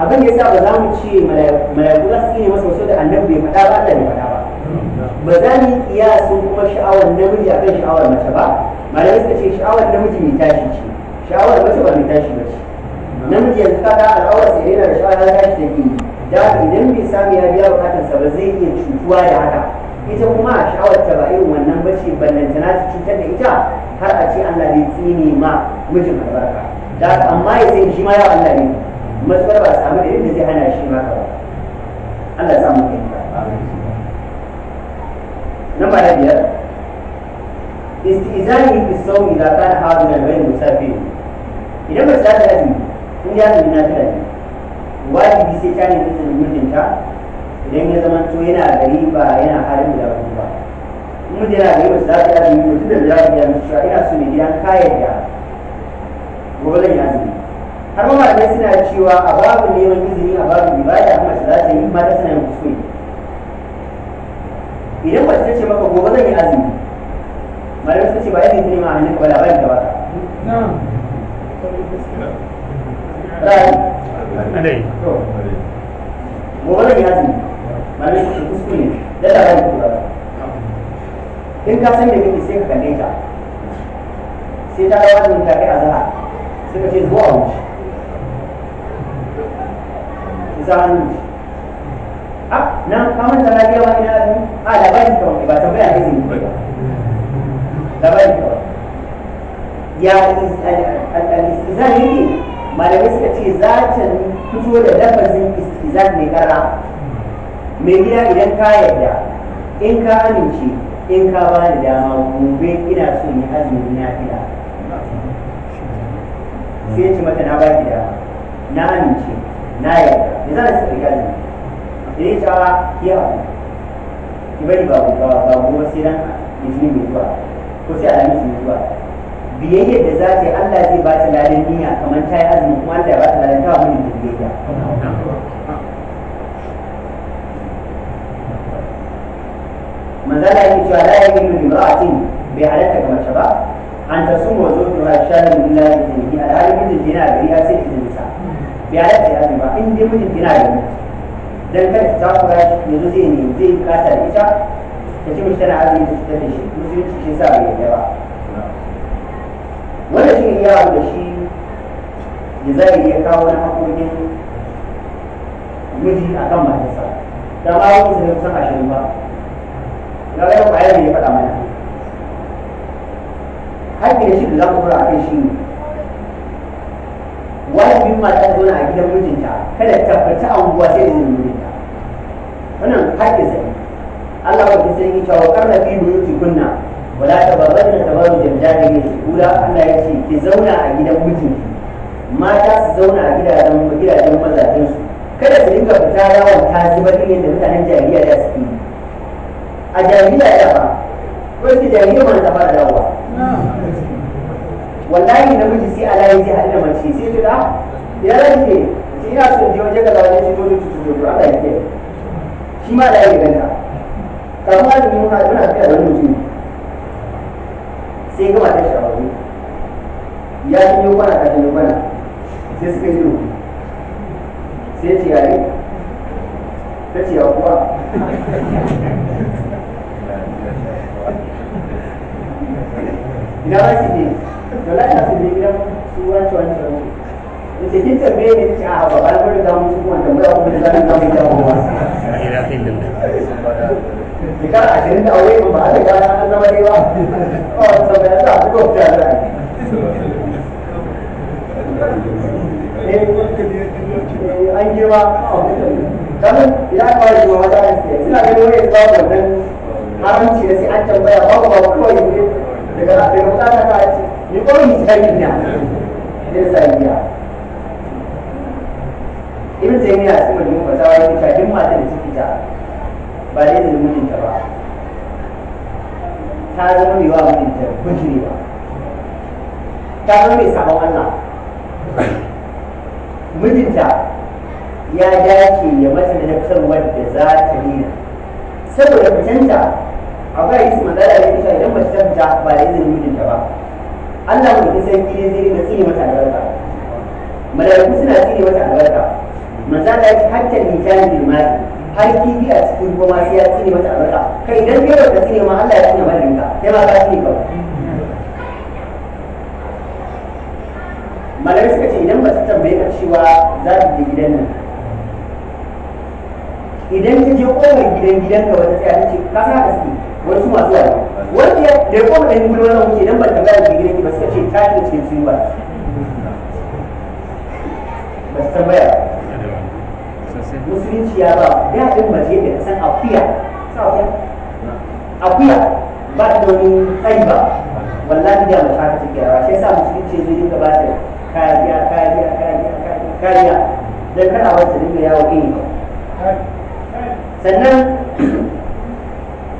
abin da yasa ba za mu ce malaku za su yi masa wasu da annabi bai faɗa ba Allah bai faɗa ba ba za mu yi kiyasin kuma sha'awar namiji akan sha'awar mace ba malamai suka ce sha'awar namiji mai tashi ce sha'awar mace ba mai tashi ba ce namiji yanzu kaga al'awar sai na da sha'awar tashi da ke da idan bai samu ya biya bukatarsa ba zai iya cutuwa da haka ita kuma a sha'awar ta ba irin wannan bace ballantana ta cutar da ita har a ce Allah zai tsini ma mijin albarka da amma ya sai shi ma ya Allah ne matsalar ba samu da inda zai hana shi ma ka ba Allah ya samu kai na bada biyar istizani fi sawmi da kana da bayan musafi idan ba ta da in ya na da wajibi sai ta ne mijinta idan ya zama to yana gari ba yana halin da ku ba mu da yana gari za ta yi mutum da za ta yi mutum ina su ne gidan kayan da gobe zan yi har ma malamai suna cewa a babu neman izini a babu ibada amma su za ta yi mata suna yin kuskure idan ba ta ce maka gobe zan yi azumi malamai suka ce ba yadda ne ma a hannun ka ba labarin da ba ka. Rai. Gobe zan yi azumi. ba na shi kuskure da da ba ku ba in ka san da kake sai ka kalle ta sai ta dawo da mutane a zaha sai ka ce zuwa wuce ki sa hannu wuce ah na kamar ta lafiya wani na azumi a labarin ta wani ba ta ne zai yi ba labarin ta wani ya al-istizan yake malamai suka ce zacin fito da lafazin istizan ne kara mai gida idan ka yarda in ka amince in ka ba ni dama gobe ina so ni azumi na gida. sai ce mata na baki dama na amince na yarda me za ka saka gazi da ya cewa ya haku ki bari ba ba gobe sai ran izini mai zuwa ko sai alamisi mai zuwa biyayyar da za ta yi Allah zai ba ta lalin niyya kamar ta yi azumi kuma Allah ya ba ta lalin ta wani biyayya مثلا إذا لا يجد من امرأة بحالتها كما شباب أن تصوم وزوجها شهر من الله بإذنه هذا يوجد الزنا بها سيد النساء بحالتها هذه المرأة إن دي يوجد الزنا بها لأن كانت تتوقع لزوجين من زين كاسا الإشاء تتم اجتنع هذه التدريشي مسلمة الشيساء بها الجواب ولا شيء يا أبو الشيء جزائي يكاون حقوق الجنة ومجد أكمل الصلاة تقاوم سنة 19 مرة ga ya kwaya ne ya faɗa da shi da za ku a kai shi ne wajibin mata ta zauna a gidan mijinta kada ta a anguwa sai da izinin mijinta wannan haƙƙin sa Allah ba sai kunna wala tabarrajna tabarrujal jahiliyyati kula Allah ya ce zauna a gidan mata su zauna a gidajen gidajen su kada su dinga fita yawon tazibar irin da mutanen jahiliya da a jahiliya da ba mana ta fara dawowa wallahi namiji sai ala yi zai haɗu da mace sai ya ga ya rage shi ina son je waje kaza wajen shi dole tutu to Allah ya ke shi ma da ya ganta kamar azumi mun haɗu na kai wani mutum sai gama ta ya yi yau kwana kafin yau kwana sai suka yi rubu sai ce yare ta na rashi ne to lafiya su ne gidan su wance wance wance da cikin tambaye ne ce a ah, ba ba mun riga mun cikin wanda mu da kuma da zamu zama da kowa ila fin din dikar ashirin da aure ba a riga an zama ne ba ba wata sabbin da a duka wata da an girma a wata idan aka fara girma wata ne suna ganin wani ya zama wannan haramci da sai an tambaya babu ba kawai ne daga daga mutane ka ce ni ko ni sai ni ne sai ni ibn taymiya sai mun yi fatawa yake cewa duk mata da ciki ta ba dai da mijinta ba ta zama mai wa mijinta ba, ta zama mai sabon Allah mijinta ya dace ya mace da nafsarwar da za ta nuna saboda fitanta akwai hadisi manzo Allah ya kisa idan mace ta fita ba da izinin mijinta ba Allah mu kin san kire zai na tsine mata albarka malaiku suna tsine mata albarka manzo Allah ya ce hatta litani bil mali har kifi a cikin goma sai ya tsine mata albarka kai idan kai baka tsine ma Allah ya tsine mata albarka sai ma ka tsine ka malamai suka ce idan ba su tambaye ka cewa za su je gidan nan idan ta je kowar gidan gidan ka wata tsaya ta ce ka sa ka suke wasu masu yare wanda ya da ya koma da yin gudu wannan wuce idan ban tambaya da gidan ki ba suka ce ta shiga cikin sun ba ba su tambaya musulunci ya ba ya ɗin mace da san akuya akuya ba ta da wani tsayi ba wallahi da mace ta take rawa shi yasa musulunci zai dinga ba ta kariya kariya kariya kariya dan kada wata dinga yawo ba sannan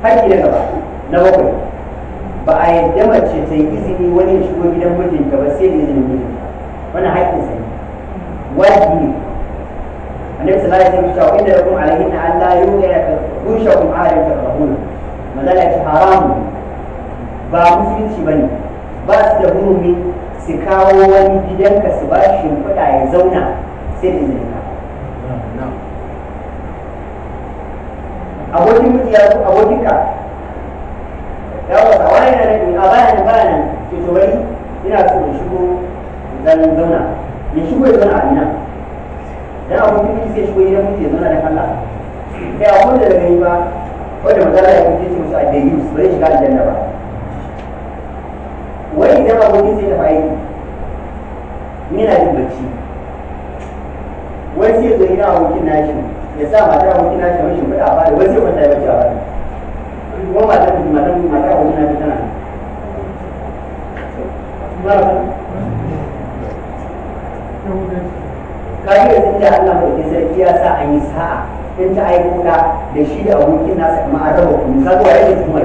haƙƙi na gaba na bakwai ba a yadda mace ta yi izini wani ya shigo gidan mijinta ba sai da izinin mijinta wani haƙƙin sa ne wajibi ne annabi sallallahu alaihi wasallam cewa inda lakum alaihinna an la yuqira rushakum alim tarahuna madalla ta haramu ba musulunci bane ba su da hurumi su kawo wani gidanka su ba shi kuɗa ya zauna sai da izinin ka abokin ya abokin ka yawa a wani yana nufin a bayan bayan ke ina so in shigo zan zauna ya shigo ya zauna a ina dan abokin ki sai shigo idan mutum ya zauna da Allah kai abun da daga yi ba wanda magana ya kuke ce da a bayyus bai shiga aljanna ba wai idan abokin sai tafi aiki ni na jin bacci wai sai ya zo ina abokin nashi ya sa mata ya wuce na shi wani shimfiɗa ba da wasu wata ya wuce ba kuma mata ta mata mata ya na shi tana kayi da sun ce Allah mai sarki ya sa an yi sa'a in ta aiko da da shi da abokin nasa kuma an raba kuma ka zuwa yake kuma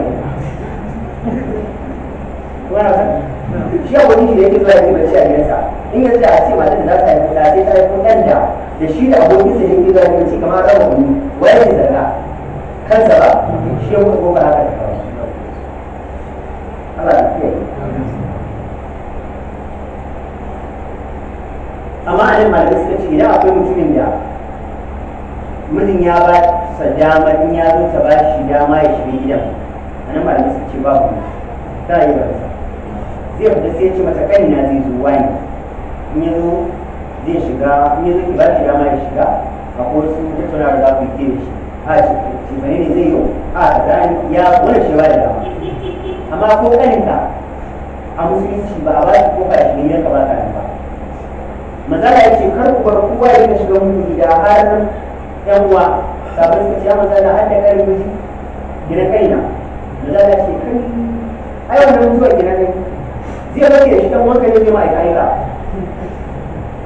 ke shi abokin shi da yake zuwa yake bacci a gidansa in yanzu da a ce mata da za ta aiko da sai ta aiko ɗan da da shi da abokin sa yake da ne ce kamar rawa ne wai ne zaka kansa ba shi ya mutu ko haka ta ya kiyaye amma a nan malamai suka ce idan akwai mutumin da mutum ya ba sa dama in ya zo ta ba shi dama ya shiga gidan a nan malamai suka ce babu ta yi ba zai fita sai ya ce mata kai na zai zo wani in ya zo zai shiga in ya zai ba shi dama ya shiga a kuma sun tattauna da za ku ke shi a cimani ne zai yau a zani ya wani shi ba da dama amma ko kaninka a musulunci ba a ba shi ko ka shi ne ya kamata ne ba Matsala ya ce kar ku bar kowa ya shiga mutum da har yan uwa sabon suka ce ya mazala har da kare gina kaina mazala ya ce kai ai wannan mutuwa gina kai zai bace shi dan wanka ne zai ma'aikata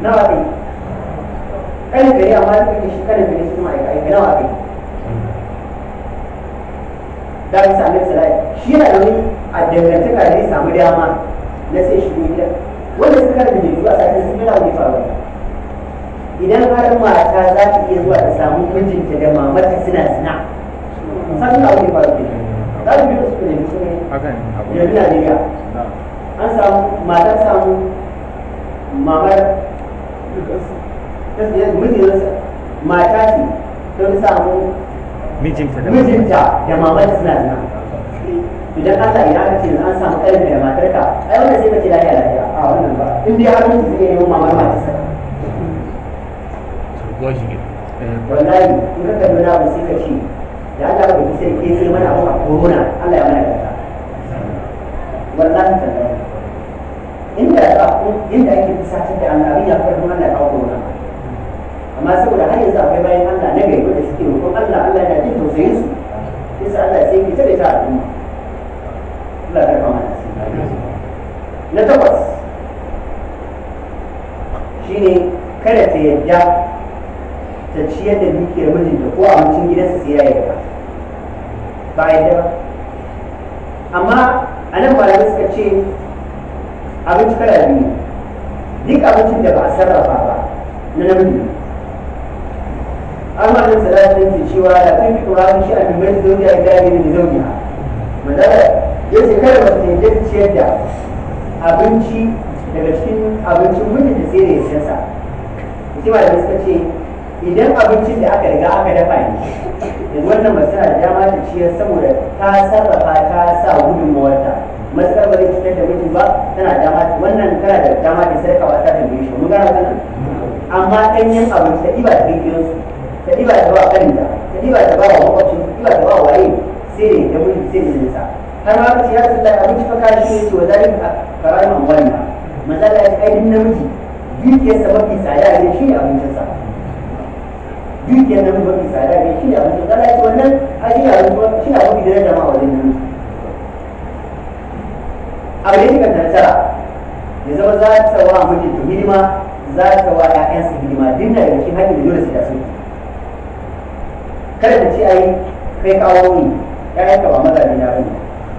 nawa ne kanin gari amma ya kuke shi kanin gari sun ma'aika aika nawa ne da sami salai shi yana da wani a dangantaka da ya samu dama na sai shi gida wanda suka da mai zuwa sai sun yana wani faruwa idan har mata za ta iya zuwa ta samu mijinta da mamarta suna suna san suna wani faruwa za su biyo su ku nemi Najeriya an samu matar samu mamar mijinsa mata ce don samu mijinta da mamata suna zina idan idan ka ce an samu ƙarfi da matarka ai wannan sai ka ce lafiya lafiya a wannan ba in dai har zai yi mamar eh, wallahi in ka kalli na sai ka ce da sai ke sai mana abu a corona Allah ya mana wallahi inda inda ake fusatar da annabi ya farko Allah ya kawo amma saboda har yanzu akwai bayan Allah na gari wanda suke roƙon Allah Allah yana jin tausayin su yasa Allah sai ke tare ta al'umma Allah ya kama na takwas shine kada ta yadda ta ciyar da dukiyar mijinta ko a abincin gidansa sai ya yarda ba yadda ba amma a nan malamai suka ce abinci kala biyu duk abincin da ba a sarrafa ba na namiji amma da salatu ne ke cewa da kun fi ƙura shi a mimman zauji a gida ne da zauji ha manzara ya ce kada masu ne ta ciyar da abinci daga cikin abincin mutum da sai ya siyansa shi ma da suka ce idan abincin da aka riga aka dafa ne yanzu wannan masu na dama ta ciyar saboda ta sarrafa ta sa gudunmawarta matukar ba zai cutar da miji ba tana dama wannan tana da dama da sarka ba ta tambaye shi mun gana wannan amma ɗanyen abinci ta ɗiba da rikin su ta ɗiba da ba kaninta ta ɗiba da ba wa makwabci ta ɗiba da ba waye sai ne da miji sai ne nisa har ma ka ce ya tsalla abinci fa kashi ne ce wa zalika karamin wannan maza ta ce ai namiji sa mafi tsada ne shi ne abincinsa dukiyar namiji mafi tsada ne shi ne sa ta ce wannan ai shi ne abinci shi ne abinci da na jama'a wajen namiji abu ne kan tantara ya zama za ta wa mijinta hidima za ta wa ƴaƴansa hidima duk da cikin hakki da dole sai da su kada ta ce ai kai kawo ni ƴaƴanka ba mazaje na bane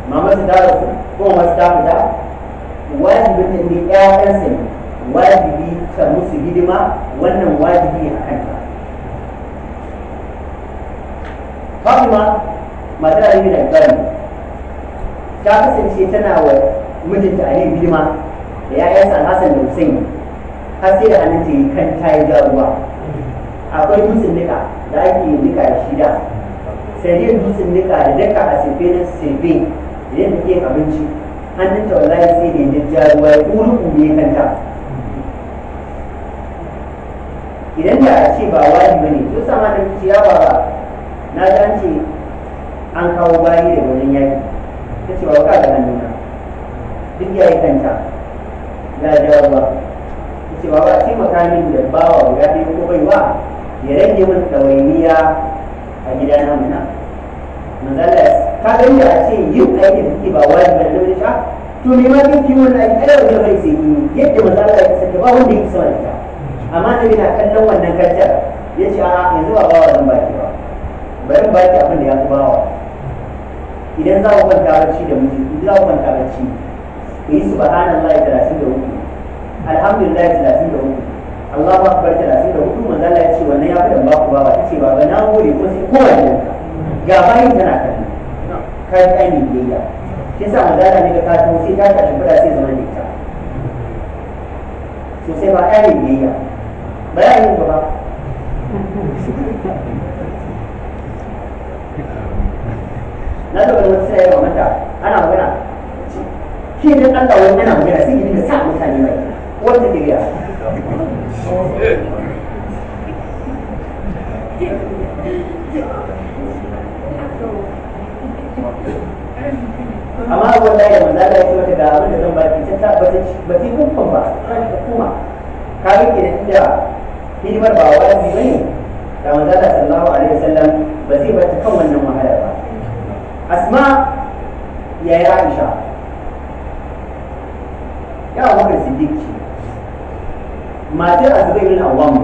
mama su ta rasu ko ma su ta fita wajibin da ne ƴaƴansa ne wajibi ta musu hidima wannan wajibi a kanta Fatima matar Ali da Gani ta kasance tana wa mijinta Ali Bilma da ‘ya'yansa hasan da Hussein har sai da hannunta yi kan tayi ja ruwa akwai dutsen nika da ake nika da shida sai dai dutsen nika da daka a sefe na sefe da yadda ke abinci hannunta wallahi sai da ya ja ruwa ya ƙuru ya kanta idan da a ce ba wani ba ne to sama da ce ya ba na an ce an kawo bayi da wajen yaki ta ce ba ka ga hannuna duk ya yi kanta na jawabuwa ce ba ba taimaka min da bawa guda ɗaya ko bai ba ya rage min ɗawainiya a gida na muna manzala ka gani da a ce yin aikin da suke ba wajibi da namiji ta to ne ma kin kiwon wannan aiki kada wani bai sai yi yadda manzala ya kasance ba wanda ya kusa da ita amma nabi na kallon wannan kantar ya ce a, yanzu ba bawa zan ki ba bari ki abin da ya fi bawa idan za ku kwanta bacci da miji idan za ku kwanta bacci ka yi subhanallahi talatin da hudu alhamdulillah talatin da hudu Allahu akbar talatin da hudu manzo Allah ya ce wannan ya fi dan baku bawa ta ce baba na gode ko sai kowanne ga bayin tana kalli ka yi ɗan biyayya Kin sa manzo Allah ne ka kato sai ta ka tafi sai zaman da ita to sai ba ɗan biyayya ba ya yi ba na da wani wata sai ya yi wa mata ana magana shi ne Allah wani yana magana sai ya dinga sa mutane mai wanda ke gaya amma abuwan da ya manza da ya ce wata ga abin da zan baki ta ta ba ta kumfan ba ta ta kuma ka ke da inda hidimar ba wajibi ba ne da manza da sallahu alaihi wasallam ba zai bata kan wannan wahala ba asma ya yi aisha ya abubakar siddiq ce matar azubai yin awam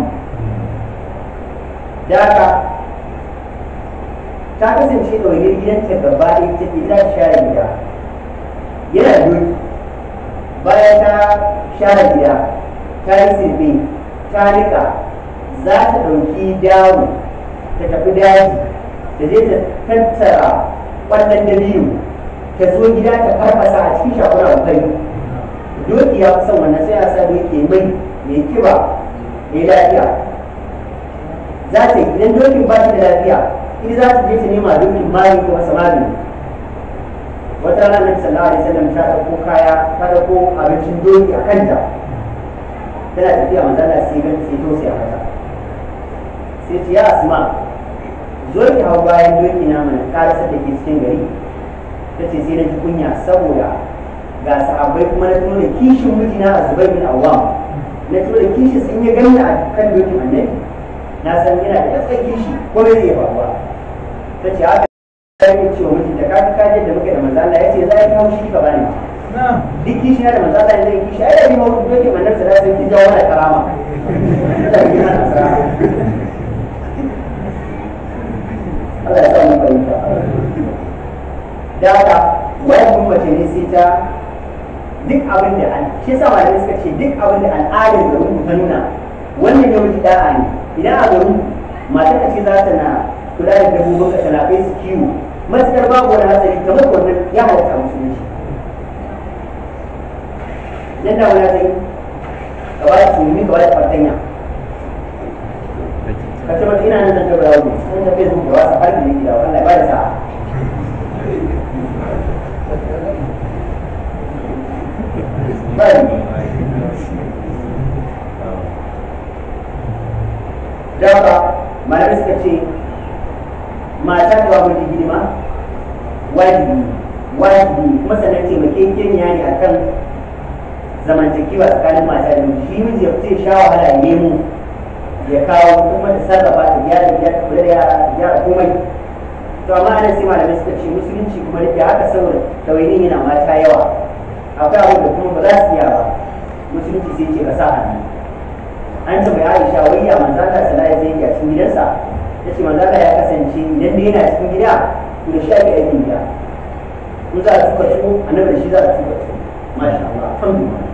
da haka ta kasance gidan ta gaba ita ita share gida yana doki bayan ta share gida ta yi sirbe ta rika za ta ɗauki dawo ta tafi daji da je ta tattara ƙwallon da biyu ta zo gida ta farfasa a cikin shakunan kai doki ya kusan wannan sai a sami mai mai kiba mai lafiya za ta idan dokin ba ta da lafiya in za ta je ta nema dokin mali ko masa wata rana nabi sallallahu alaihi wasallam ta dauko kaya ta dauko abincin doki a kanta tana tafiya manzo Allah sai ga sai to sai haka sai ta ya asma zo ki hau bayan doki na mana ka rasa da ke cikin gari tace sai na ji kunya saboda ga sahabbai kuma na tuno da kishin mijina a zubai bin awa na tuno da kishin sun yi gani a kan dokin annabi na san yana da tsatsar kishi ko ne zai faruwa ta ce haka ya yi cewa mijin da kafin kaje da muka da manzala ya ce za a yi kawo shi ka bani duk kishi na da manzala ya zai kishi ai da bi wani dokin manzala da sun ki jawo da karama Allah ya sa mu fahimta. Da haka, wani mace ne sai ta duk abin da an shi yasa malamai suka ce duk abin da al'adar garin ku ta nuna wannan ya wuce da'a ne idan a garin matar ce za ta na kula da dabbobin ka talafai su kiwo matukar babu wani hatsari kamar wannan ya halatta musulunci nan da wani hatsari ka ba da tunani ka ba da fartanya ka ce mata ina nan zan tabbata wani sun tafiya zuwa wasa har da yake da Allah ba da sa'a daga malamai suka ce matar da wani hidima wajibi wajibi kuma sannan taimakekeniya ne akan zamantakewa tsakanin mata da miji shi miji ya fice sha wahala nemo ya kawo kuma ta sarrafa ta gyara da kula da yara gyara komai to amma ana sai malamai suka ce musulunci kuma da haka saboda ɗawainin yana mata yawa akwai abin da kuma ba za su iya ba musulunci sai ce ba sa hannu an ce mai aisha wai ya manzo Allah sallallahu alaihi wasallam ya gidansa? gidansa ce manzo Allah ya kasance idan da yana cikin gida to da shi ake aikin gida in za a tuka tuko annabi da shi za a tuka tuko masha Allah alhamdulillah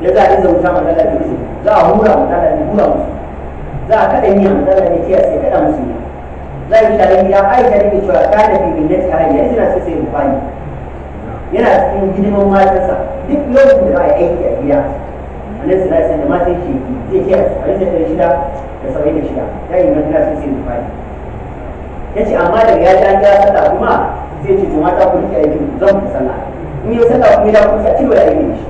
da za a yi zauta manzo Allah da izini za a hura manzo Allah biyu. hura musu za a kada miya manzo Allah ne ce sai kada musu ne za a yi sharar gida aisha ne ke cewa ta da bibin ne ta hanyar yana sai sai rufani yana cikin hidimin matarsa duk lokacin da za a aiki a gida annabi sallallahu alaihi wasallam matan shi zai ce a rinsa ta shida da saba'in da shida ya yi magana sun sai bukari ya ce amma da ya ja ya sata kuma zai ce to mata ku rike aikin zan ku sallah in ya sata ku ya kusa ciro da aikin shi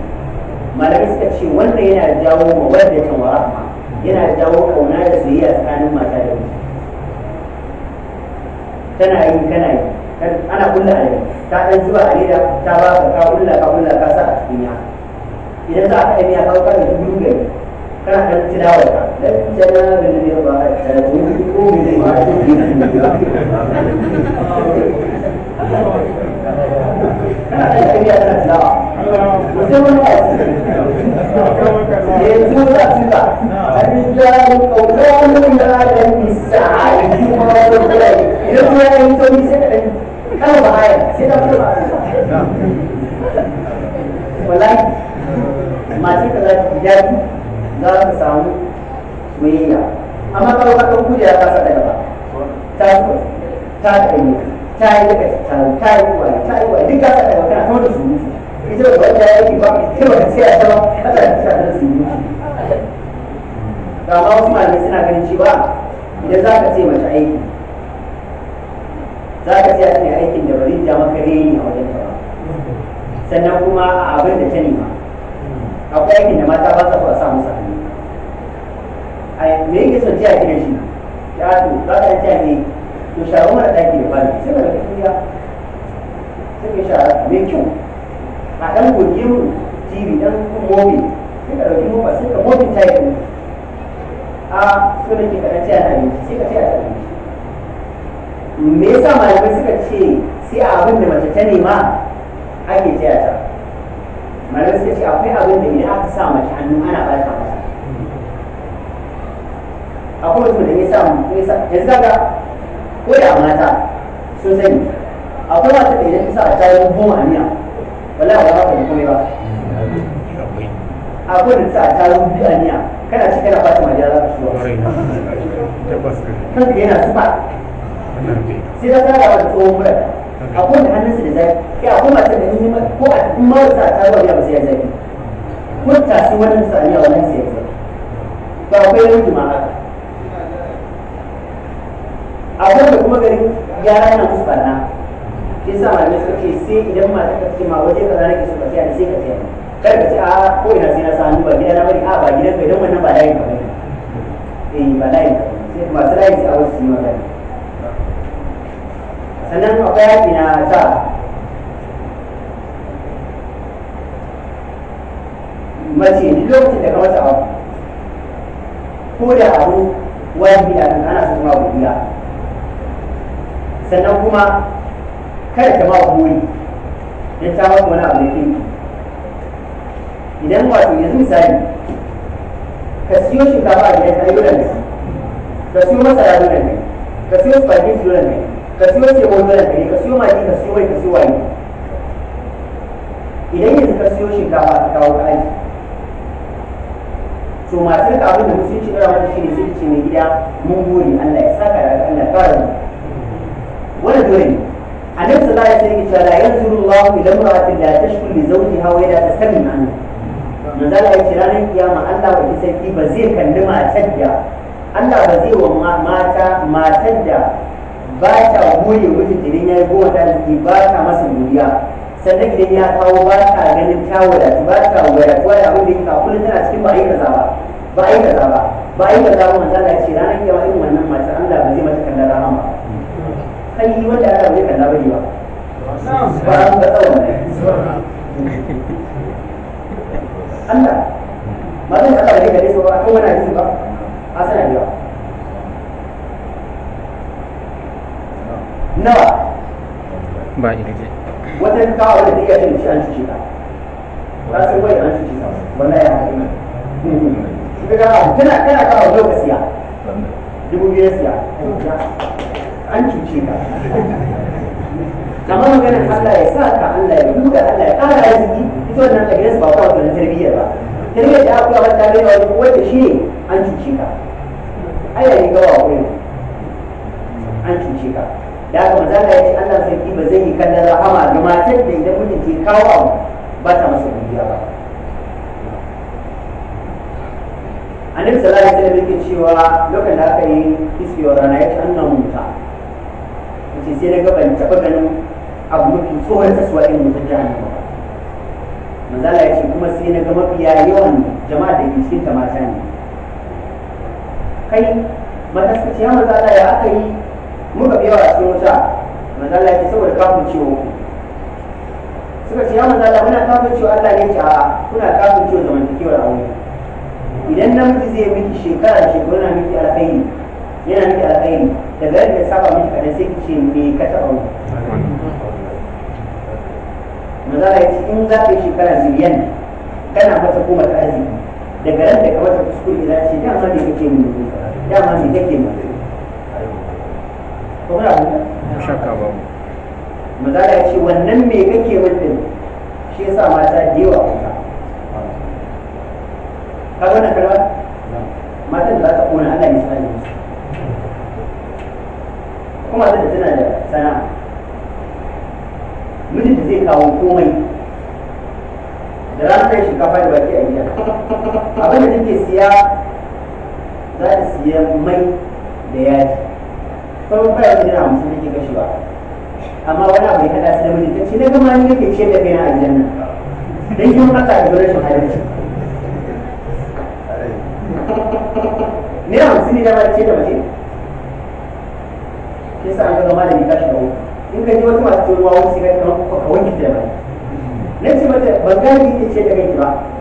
malamai suka ce wannan yana jawo ma wadda ta wa rahma yana jawo kauna da soyayya tsakanin mata da miji tana yi kana yi ana kulla a yau ta dan zuwa a leda ta ba ka ka kulla ka kulla ka sa a cikin ya idan za ka yi miya kawo kan dubu gari kana kan tilawa ka da jana da ne ba da dubu ko ne ba kana kan tafiya kana tilawa mutum wani eh, ba yanzu za su ba الرجال قوامون على النساء بما رجعوا إذا ما أنتم سألتم kan ba haya sai da kuma wallahi mace ka za ta ji daɗi za ta samu soyayya amma ka ka ɗan kujera ka sa daga ba ta so ta ɗanye yi daga ta yi waye ta yi waye duk ka sa daga kana kuma da surutu ita da ba ta yi ba ita ba ta tsaya ta ba ka sa ta ga ma wasu suna ganin cewa idan za ka ce mace aiki za ka iya kai aikin da ba zai ja maka reni a wajen ba sannan kuma a abin da ta nema akwai aikin da mata ba sa fara sa musu hannu a me yake son tiya gidan shi ya to za ka tiya ne to shawo mara daki da bani sai mara kafiya sai ka shara mai kyau a ɗan goge mu tv ɗan mobi sai ka ɗauki mofa sai ka mobin tayi a so da ke kaɗan tiya na abinci sai ka tiya ta yi me yasa malamai suka ce sai abin da mace ta nema ake ce ta malamai suka ce akwai abin da idan aka sa mace hannu ana ba ta mata akwai mutum da ya yasa yanzu kaga ko da mata sun sani akwai mata da idan ta sa ta yi goma miya wallahi ba za ka yi komai ba akwai da ta sa ta yi biyu a miya kana ci kana bata majiyar za ka shi ba kan yana sufa sai ta tara da tsohon mura a kowane hannunsa da zai kai a kowace da ni ko a marasa ta wani zai sai ko ta sai wannan sani a wannan sai ya ba akwai yanki ma haka akwai da kuma garin yara na musu barna shi sa malamai suka ce sai idan mata ka ce ma waje kaza nake so ka tsaya sai ka tsaya kar ka ce a ko ina sai na sa hannu ba gida na bari a ba gidan ka idan wannan ba layin ka bane eh ba layin ka sai masu layin sai a wasu yi magana sannan akwai haƙƙi na sa mace duk lokacin da ka mata abu ko da abu wajibi a kan ana son ma godiya sannan kuma kada ta ma buri don ta maka wani abu da ke idan wato yanzu misali ka siyo shinkafa a gidan ka yi dole ne ka siyo masara dole ne ka siyo spaghetti dole ne ka siyo ce ko dole kare ka siyo maki ka siyo wai ka siyo wani idan yanzu ka siyo shinkafa ka kawo kaji to masu ka abin da musulunci ɗora mata shi ne sai ce mai gida mun gode Allah ya saka da Allah fara mu Wani dole ne a sallallahu alaihi wasallam ya ce la yanzuru Allahu ila imra'atin la tashku li zawjiha wa la tastamin anhu manzo Allah ya ce ranar kiyama Allah ba wa sarki ba zai kalli matar da Allah ba zai wa mata matar da ba ta goye mutum jirin ya yi goma ta jiki ba ta masa duniya sannan idan ya kawo ba ta ganin ta wadatu ba ta wadatu da abin da ya kawo kullum tana cikin ba a yi kaza ba ba a yi kaza ba ba a yi kaza ba manzo Allah ce ranar yawa irin wannan mace Allah ba zai mata kallon rahama ba yi wanda Allah bai kalla bane ba ba an ga tsawon Allah ma zai ne bai kalle ba ko wani hadisi ba a sanar da nawa ba irge wata ta kawo da iya yin ci an ci ta ba sai wai an ci ta wannan ya haɗu ne kana tana kana kawo lokaci siya, dubu biyar siya an cuce ka kamar maganar Allah ya sa ka Allah ya duka Allah ya ƙara arziki ita wannan against ba kawai tunan tarbiyyar ba tarbiyyar da aka wata bai wa wani wanda shi ne an cuce ka ai yayi gawa wurin an cuce ka da kuma za ka ce Allah sarki ba zai yi kallon rahama ga matar da idan mutum ke kawo abu ba ta masa godiya ba nan sallallahu alaihi da yake cewa lokacin da aka yi kisiyar rana ya ce an nan muta yace sai na gaban taba ganin abu mafi tsohon taswa irin mutum jahannama manzala ya ce kuma sai na ga mafiya yawan jama'a da ke cikin ta mata ne kai mata ce ya manzala ya aka yi muka fi yawa a cikin wuta manzo ya ce saboda kafin ciwo suka ce ya manzala muna kafin ciwo Allah ne ce a'a kuna kafin ciwo zamantakewar aure idan namiji zai miki shekara shekaru na miki alkhairi yana miki alkhairi daga yadda saba miki kadan sai ki ce me ka taɓa mu manzala ya ce in za ka yi shekara ziliyan kana mata kuma ta arziki daga ran da ka mata kuskure za ce dama ne kake mu dama ne kake mu ko ba mu shakka ce wannan me kake mutum shi yasa mata da yawa kuka ka wannan kalma matan da za ta kona Allah ya sani kuma da tana da sana'a mijin da zai kawo komai da ranar kai shinkafa da baki a gida abin da take siya za ta siya mai da yaji sauran fara da naira hamsin nake kashewa amma wani abu ya haɗa su da mijinta ce na gama ni nake ciyar da kaina aljanna dan yin Allah da rashin adalci naira hamsin ne da ba ce da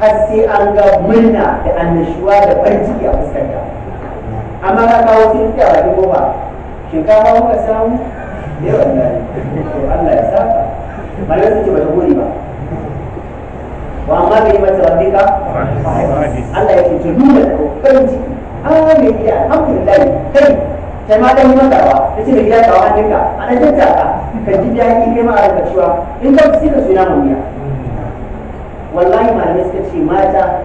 har sai an ga murna da annashuwa da farin ciki a fuskanta amma ka kawo sai tsaye a dubu ba shinkafa muka samu ne eh, wallahi to Allah ya saka malar sun ce bata gori ba wa amma bai mata ka Allah ya ce to nuna da farin ciki ah mai gida alhamdulillah kai kai ma dan mata ba ta ce mai gida kawo ka ana jajjaka ka ji daɗi kai ma a rikacewa in ka fi sika suna mamiya wallahi ne suka ce mata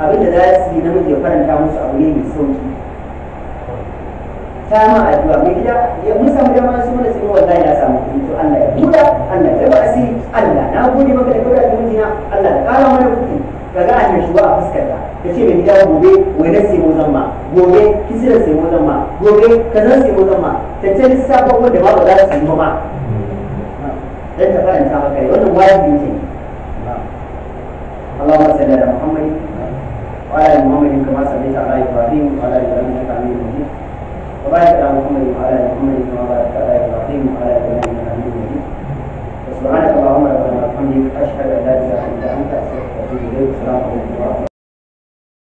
abinda za su yi namiji ya faranta musu abu ne mai sauki ta ma addu'a mai gida ya mun samu dama su mana sai wallahi na samu kuɗi to Allah ya buɗa Allah ya ba asiri Allah na gode maka da kaura da mijina Allah ya ƙara mana kuɗi kaga an yashi ba a fuskar Ka ta ce mai gida gobe na sai mu zama gobe kisira sai mu zama gobe zan sai mu zama ta ce lissafin wanda ba ba za su yi ma dan ta faranta maka wannan wajibi ne Allahumma salli ala Muhammad wa ala Muhammad kama sallaita ala Ibrahim wa ala Ibrahim innaka Hamidum Majid. Wa barik ala Muhammad wa ala Muhammad kama barakta ala Ibrahim wa ala Ibrahim innaka Hamidum Majid. Subhanaka Allahumma wa bihamdika ashhadu an la ilaha illa anta astaghfiruka wa atubu ilayk. Assalamu alaykum wa rahmatullahi